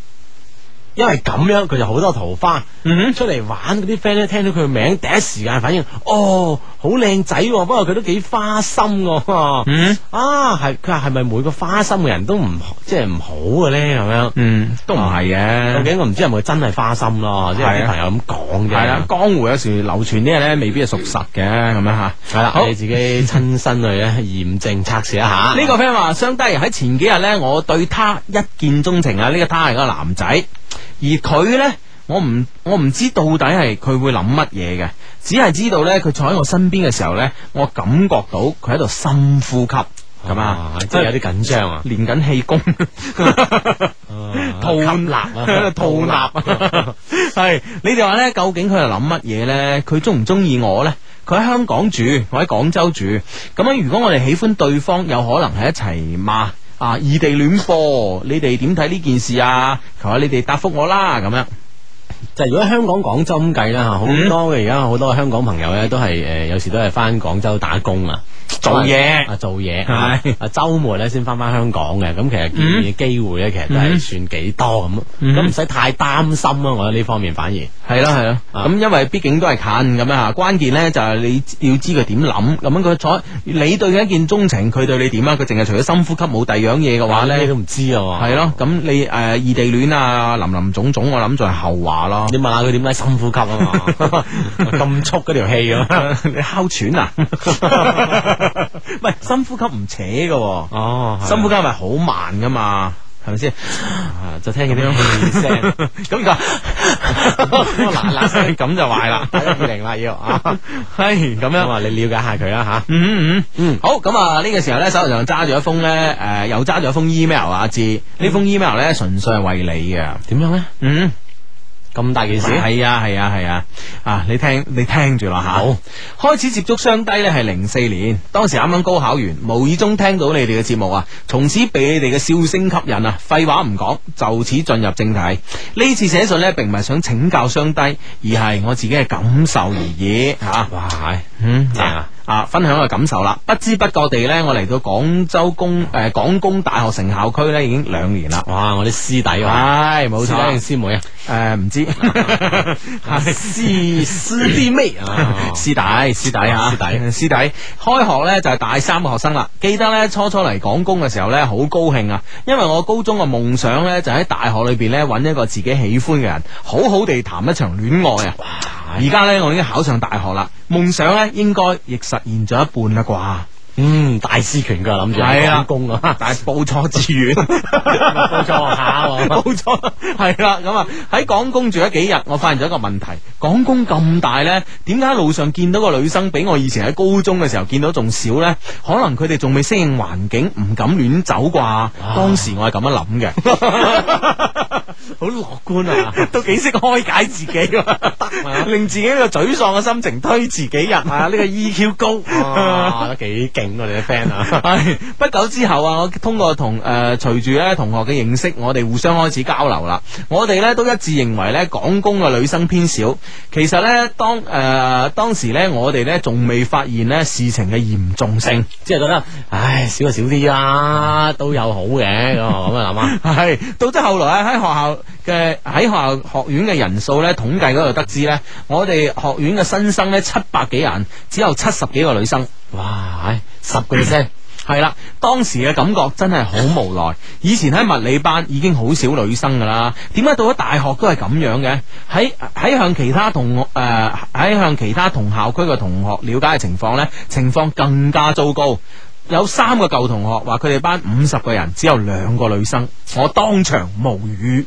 因為咁樣佢就好多桃花，嗯、哼出嚟玩嗰啲 friend 咧，聽到佢嘅名，第一時間反應，哦，好靚仔，啊，不過佢都幾花心，啊，係佢話係咪每個花心嘅人都唔即係唔好嘅咧？咁樣，嗯，都唔係嘅，究竟我唔知係咪真係花心咯，即係啲朋友咁講嘅，係啦，江湖有時流傳啲嘢咧，未必係屬實嘅，咁樣吓，係啦，你自己親身去驗證測試一下。呢 <laughs> 個 friend 話，相低喺前幾日咧，我對他一見鍾情啊，呢、這個他係個男仔。而佢呢，我唔我唔知到底係佢會諗乜嘢嘅，只係知道呢，佢坐喺我身邊嘅時候呢，我感覺到佢喺度深呼吸，咁啊，即係有啲緊張啊，練緊氣功，吐納啊，吐納啊，係你哋話呢，究竟佢係諗乜嘢呢？佢中唔中意我呢？佢喺香港住，我喺廣州住，咁樣如果我哋喜歡對方，有可能係一齊嘛？啊！異地戀貨，你哋點睇呢件事啊？求下你哋答覆我啦，咁樣。就如果香港廣州咁計啦嚇，好多嘅而家好多香港朋友咧都係誒有時都係翻廣州打工啊，做嘢事啊做嘢係啊，週末咧先翻翻香港嘅，咁其實見面嘅機會咧其實都係算幾多咁，咁唔使太擔心啊，我覺得呢方面反而係咯係咯，咁 <noise> 因為畢竟都係近咁樣嚇，關鍵咧就係你要知佢點諗，咁樣佢坐你對佢一見鍾情，佢對你點啊？佢淨係除咗深呼吸冇第二樣嘢嘅話咧，咩 <noise> 都唔知啊嘛，係咯，咁你誒異、呃、地戀啊林林總總，我諗就係後話咯。你問下佢點解深呼吸啊嘛？咁 <laughs> 速嗰條氣咯， <laughs> 你哮喘啊？唔係深呼吸唔扯噶，哦，深呼吸咪好、哦、慢噶嘛，係咪先？ <laughs> 就聽佢啲咁嘅聲，咁而嗱嗱聲，咁 <laughs> <laughs> 就壞啦，二零啦要啊，係 <laughs> 咁 <laughs> 這樣，你了解下佢啦吓。嗯嗯嗯，好，咁啊呢個時候咧，手頭上揸住一封咧，誒、呃，又揸住一封 email 啊，知呢、嗯、封 email 咧，純粹係為你嘅，點樣咧？嗯。咁大件事係啊係啊係啊啊！你聽你聽住啦吓，好開始接觸雙低呢係零四年，當時啱啱高考完，無意中聽到你哋嘅節目啊，從此畀你哋嘅笑聲吸引啊！廢話唔講，就此進入正題。呢次寫信呢並唔係想請教雙低，而係我自己嘅感受而已吓。嗯啊、哇！.嗯啊啊，分享一個感受啦！不知不覺地呢，我嚟到廣州工誒廣、呃、工大學城校區呢，已經兩年啦。哇！我啲師弟唉，冇錯，啊、師妹啊？誒、呃，唔知 <laughs> <laughs> 師師弟妹啊？師弟師弟啊？師弟，師弟、啊、師、弟師弟，開學呢就係、是、大三個學生啦。記得呢，初初嚟廣工嘅時候呢，好高興啊，因為我高中嘅夢想呢，就喺、是、大學裏邊呢，揾一個自己喜歡嘅人，好好地談一場戀愛啊！而家咧，我已經考上大學啦，夢想咧應該亦實現咗一半啦啩。嗯，大師拳佢係諗住廣工啊， <laughs> 但係報錯志願，報錯下，報錯係啦。咁啊喺廣工住咗幾日，我發現咗一個問題：廣工咁大咧，點解路上見到個女生比我以前喺高中嘅時候見到仲少咧？可能佢哋仲未適應環境，唔敢亂走啩？啊、當時我係咁樣諗嘅，好 <laughs> 樂 <laughs> 觀啊！ <laughs> 都幾識開解自己，得 <laughs> 令自己呢個沮喪嘅心情推遲幾日。係 <laughs> 啊，呢、呢個 EQ 高啊，得幾勁。我哋啲 friend 啊，係 <laughs> 不久之後啊，我通過同誒隨住咧同學嘅認識，我哋互相開始交流啦。我哋咧都一致認為咧，廣工嘅女生偏少。其實咧當誒、呃、當時咧，我哋咧仲未發現咧事情嘅嚴重性，即係覺得唉少就少啲啦，都有好嘅，咁啊諗啊。係， <laughs> <laughs> 到咗後來喺學校嘅喺學校學院嘅人數咧統計嗰度得知咧，我哋學院嘅新生咧七百幾人，只有七十幾個女生。哇、哎！十個聲係啦， <coughs> 當時嘅感覺真係好無奈。以前喺物理班已經好少女生噶啦，點解到咗大學都係咁樣嘅？喺喺向其他同誒喺、呃、向其他同校區嘅同學了解嘅情況呢，情況更加糟糕。有三個舊同學話佢哋班五十個人只有兩個女生，我當場無語。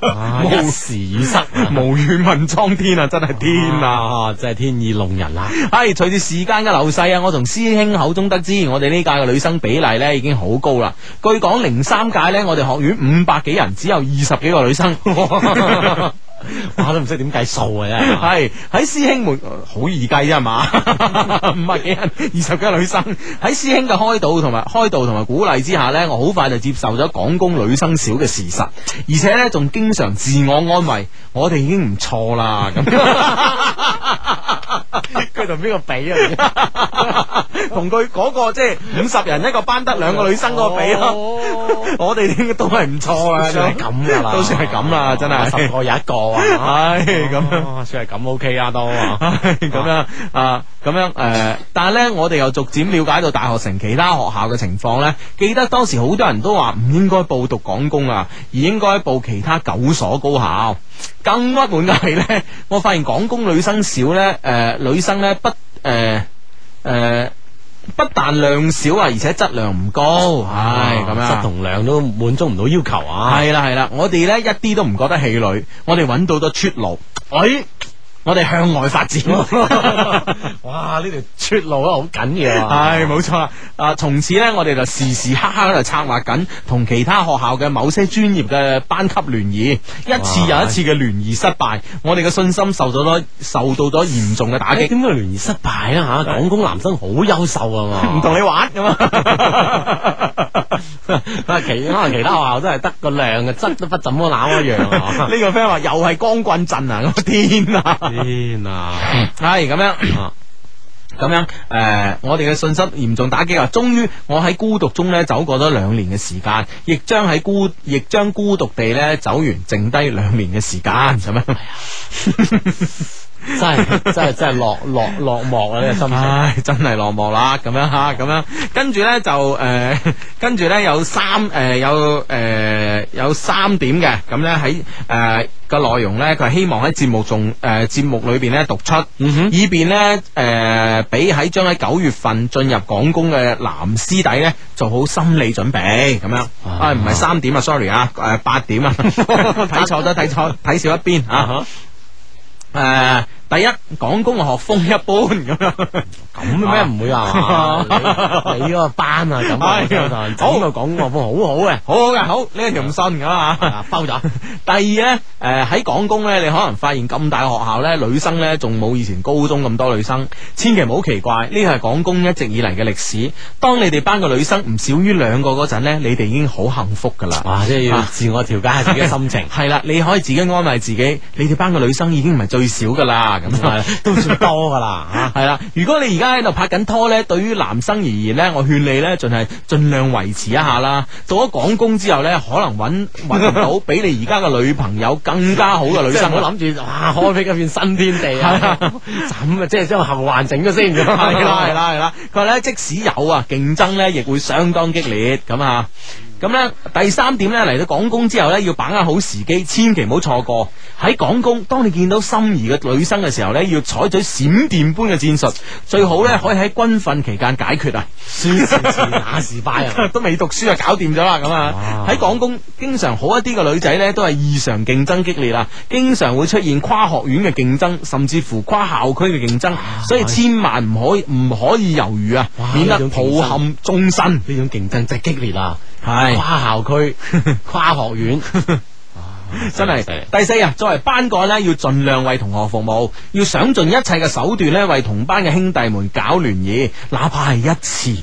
啊、 <laughs> 一時已失， <laughs> 無語問蒼天啊！真係天啊，啊真係天意弄人啊。唉、哎，隨住時間嘅流逝啊，我從師兄口中得知，我哋呢屆嘅女生比例咧已經好高啦。據講零三屆咧，我哋學院五百幾人，只有二十幾個女生。 <laughs> <laughs> 我都唔識點計數嘅真係，喺師兄們好易計啫嘛， <laughs> 五百幾人，二十幾個女生，喺師兄嘅開導同埋開導同埋鼓勵之下呢，我好快就接受咗廣工女生少嘅事實，而且呢，仲經常自我安慰，我哋已經唔錯啦。咁佢同邊個比啊？同佢嗰個即係五十人一個班得兩個女生個比咯，oh. <laughs> 我哋都係唔錯啦，算係咁啦，都 <laughs> 算係咁啦，真係 Ai 十個有一個。唉，咁樣，算係咁 OK 啦，都啊，咁樣啊，咁樣誒，但係呢，我哋又逐漸了解到大學城其他學校嘅情況呢。記得當時好多人都話唔應該報讀廣工，啊，而應該報其他九所高校。更鬱悶嘅係呢，我發現廣工女生少呢，誒、呃，女生呢。不誒誒。呃不但量少啊，而且質量唔高，唉，咁樣，質同量都滿足唔到要求啊！係啦，係啦，我哋咧一啲都唔覺得氣餒，我哋揾到咗出路，哎。我哋向外發展， <laughs> 哇！呢條出路都好緊要、哎、啊！係冇錯啊，從此呢，我哋就時時刻刻喺度策劃緊同其他學校嘅某些專業嘅班級聯誼，一次又一次嘅聯誼失敗，哇我哋嘅信心受咗，受到咗嚴重嘅打擊。點解、哎、聯誼失敗呢啊？嚇，廣工男生好優秀啊嘛！唔同你玩咁啊！其他 <laughs> <laughs> 其他學校真係得個靚嘅質都不怎麼那一樣。呢 <laughs> <laughs> 個 friend 話又係光棍陣啊！我天啊！ <laughs> <laughs> 天啊，係咁、 <noise> 哎、樣，咁樣，誒、呃，我哋嘅信心嚴重打擊啊！終於，我喺孤獨中咧走過咗兩年嘅時間，亦將喺孤，亦將孤獨地咧走完，剩低兩年嘅時間，咁樣。哎 <laughs> <laughs> 真係真係真係落落落寞啊！呢個心情，真係、哎、落寞啦！咁樣吓，咁樣，跟住咧就誒，跟住咧有三誒、呃，有誒、呃、有三點嘅，咁咧喺誒個內容咧，佢係希望喺節目中誒節目裏邊咧讀出，嗯、哼以便呢，誒、呃，俾喺將喺九月份進入廣工嘅男師弟咧做好心理準備，咁樣啊，唔係、嗯哼哎、三點啊，sorry 啊，誒、呃，八點啊，睇錯都睇錯，睇少一邊啊，誒。 <laughs> 第一，港工嘅學，學風一般咁樣，咁咩唔會啊？啊你個、啊、班啊咁，好嘅唉港工學風好，啊、好好嘅，好好嘅好，呢一條信咁啊，包咗。第二咧，誒、呃、喺港工咧，你可能發現咁大嘅學校咧，女生咧仲冇以前高中咁多女生，千祈唔好奇怪。呢個係港工一直以嚟嘅歷史。當你哋班嘅女生唔少於兩個嗰陣咧，你哋已經好幸福噶啦。哇，即係要自我調解下自己嘅心情。係啦， <laughs> 你可以自己安慰自己，你哋班嘅女生已經唔係最少噶啦。咁啊， <laughs> 都算多噶啦，係、啊、啦。如果你而家喺度拍緊拖咧，對於男生而言咧，我勸你咧，盡係盡量維持一下啦。做咗廣工之後咧，可能揾揾到比你而家嘅女朋友更加好嘅女生。我諗住哇，開闢一片新天地啊！咁啊的， <laughs> <laughs> 即係將後患整咗先。係啦， <laughs> 係啦，係啦。佢話咧，即使有啊，競爭咧，亦會相當激烈。咁啊。咁咧，第三點咧嚟到廣工之後咧，要把握好時機，千祈唔好錯過。喺廣工，當你見到心儀嘅女生嘅時候咧，要採取閃電般嘅戰術，最好咧可以喺軍訓期間解決啊。說時遲，那時快啊，都未讀書就搞掂咗啦。咁啊，喺廣工，經常好一啲嘅女仔咧，都係異常競爭激烈啦，經常會出現跨學院嘅競爭，甚至乎跨校區嘅競爭。哇所以千萬唔可以唔可以猶豫啊，哇免得抱憾終身。呢種競爭真係激烈啊！係跨校區、跨學院，真係是第四啊！作為班幹呢，要盡量為同學服務，要想盡一切嘅手段呢，為同班嘅兄弟們搞聯誼，哪怕係一次。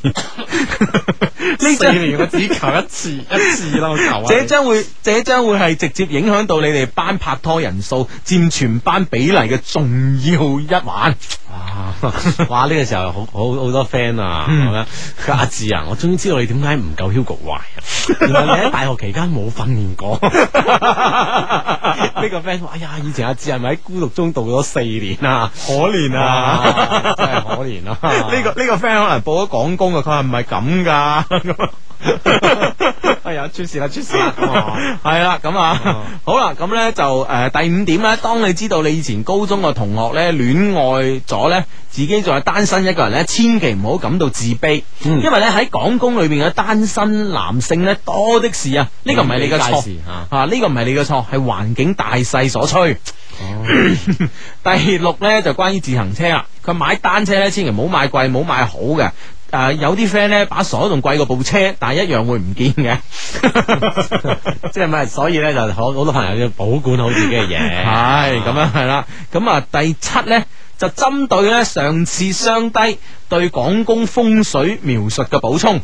<laughs> <laughs> 呢四年我只求一次一次啦，我求啊！ <laughs> 這將會這將會係直接影響到你哋班拍拖人數佔全班比例嘅重要一晚。哇哇！呢、這個時候好好好多 friend 啊！阿志、嗯、啊，啊，我終於知道你點解唔夠 hugable 壞、啊、原來你喺大學期間冇訓練過。呢 <laughs> <laughs> 個 friend 話，哎呀，以前阿志係咪喺孤獨中度咗四年啊？ <laughs> 可憐啊！啊真係可憐啊！呢、 <laughs> 這個呢、這個 friend 可能報咗港工啊？佢係唔係咁噶？ <laughs> 哎呀，出事啦，出事啦！係啦，咁 <laughs> 啊，哦、好啦，咁呢就誒、呃、第五點呢。當你知道你以前高中嘅同學呢戀愛咗呢，自己仲係單身一個人呢，千祈唔好感到自卑，嗯、因為呢喺廣工裏面嘅單身男性呢，多的、嗯、是的啊，呢個唔係你嘅錯啊，呢個唔係你嘅錯，係環境大勢所趨。哦、 <laughs> 第六呢就關於自行車啦，佢買單車呢，千祈唔好買貴，唔好買好嘅。誒，有啲 friend 咧把鎖仲貴過部車，但係一樣會唔見嘅，即係咪？所以咧就好好多朋友要保管好自己嘅嘢，係咁樣係啦。咁啊，第七咧就針對咧上次雙低對廣工風水描述嘅補充，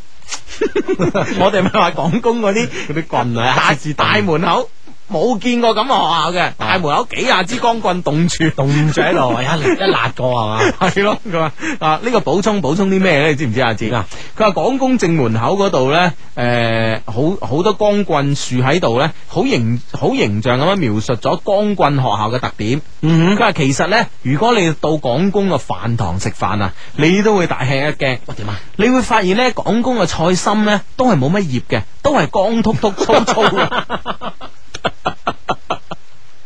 我哋咪話廣工嗰啲嗰啲棍啊，壓住大門口。冇見過咁嘅學校嘅，啊、大門有幾廿支光棍棟住，棟住喺度， <laughs> 一辣一辣過係嘛？係咯， <laughs> 佢話啊、這個、補補呢個補充補充啲咩咧？你知唔知啊？阿哲佢話廣工正門口嗰度咧，誒、呃，好好多光棍豎喺度咧，好形好形象咁樣描述咗光棍學校嘅特點。嗯哼，佢話其實咧，如果你到廣工嘅飯堂食飯啊，你都會大吃一驚。點啊？你會發現咧，廣工嘅菜心咧都係冇乜葉嘅，都係光禿禿、粗粗。 <laughs>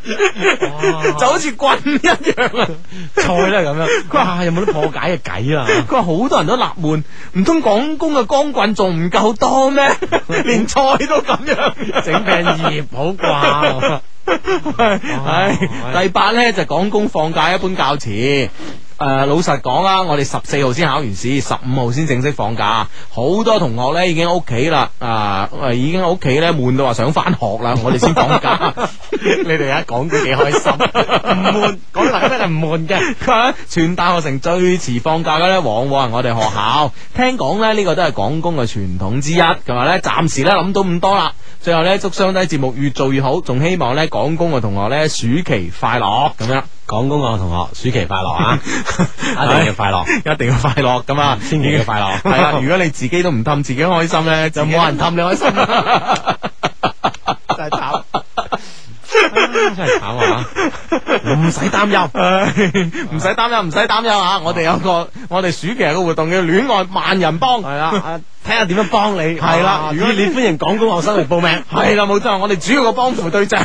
就好似棍一樣啊！ <laughs> 菜都係咁樣，哇！有冇啲破解嘅計啊？佢話好多人都納悶，唔通廣工嘅光棍仲唔夠多咩？ <laughs> 連菜都咁樣整餅葉好掛。唉，第八咧就係廣工放假一般較遲。誒、呃，老實講啦，我哋十四號先考完試，十五號先正式放假。好多同學呢已經屋企啦，啊，已經屋企、呃、呢悶到話想翻學啦，我哋先放假。 <laughs> 你哋啊，講得幾開心，唔悶， <laughs> 講嚟呢係唔悶嘅。全大學城最遲放假嘅呢，往往係我哋學校。聽講呢，呢、這個都係廣工嘅傳統之一，同埋呢，暫時呢諗到咁多啦。最後呢，祝雙低節目越做越好，仲希望呢廣工嘅同學呢暑期快樂咁樣。港工嘅同學，暑期快樂啊！一定要快樂，一定要快樂咁啊！千祈要快樂係啦！如果你自己都唔氹自己開心咧，就冇人氹你開心，真係慘，真係慘啊！唔使擔憂，唔使擔憂，唔使擔憂啊！我哋有個我哋暑期有個活動叫戀愛萬人幫，係啦，睇下點樣幫你。係啦，如果你歡迎港工學生嚟報名，係啦，冇錯，我哋主要個幫扶對象。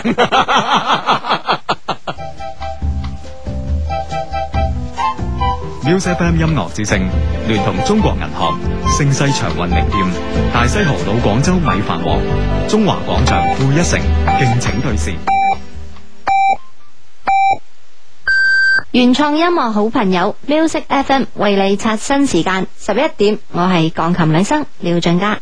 Music FM 音樂之聲聯同中國銀行盛世長運名店大西豪老廣州米飯王中華廣場負一層敬請對視。原創音樂好朋友 Music FM 為你刷新時間十一點，我係鋼琴兩生廖俊嘉。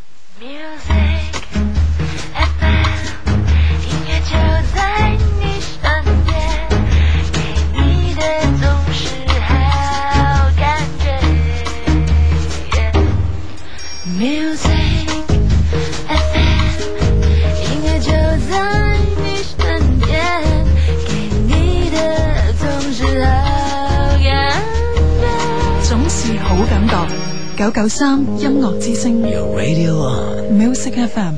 九九三音樂之聲 radio，Music FM。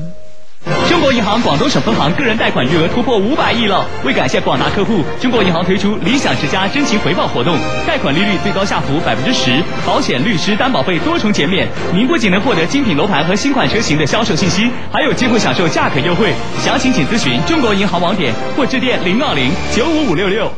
中國銀行廣東省分行個人貸款餘額突破五百億了。為感謝廣大客戶，中國銀行推出理想之家真情回報活動，貸款利率最高下浮百分之十，保險、律師、擔保費多重減免。您不僅能獲得精品樓盤和新款車型的銷售信息，還有機會享受價格優惠。詳情請，請諮詢中國銀行網點或致電零二零九五五六六。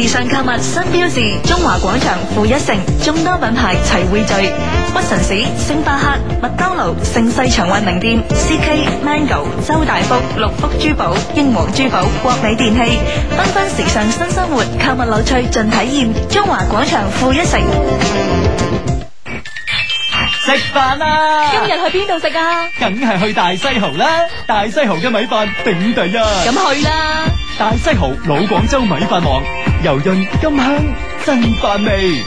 時尚購物新標誌，中華廣場負一城，眾多品牌齊匯聚。屈臣氏、星巴克、麥當勞、盛世長運名店、CK、Mango、周大福、六福珠寶、英皇珠寶、國美電器，繽紛時尚新生活，購物樂趣盡體驗，中華廣場負一城。食飯啦！飯啊、今日去邊度食啊？梗係去大西豪啦！大西豪嘅米飯頂第一。咁、啊嗯、去啦！大西豪老廣州米飯王，油潤甘香真飯味。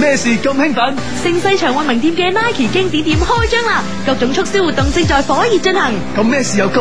咩事咁興奮？盛世長運名店嘅 Nike 經典店開張啦！各種促銷活動正在火熱進行。咁咩事又咁？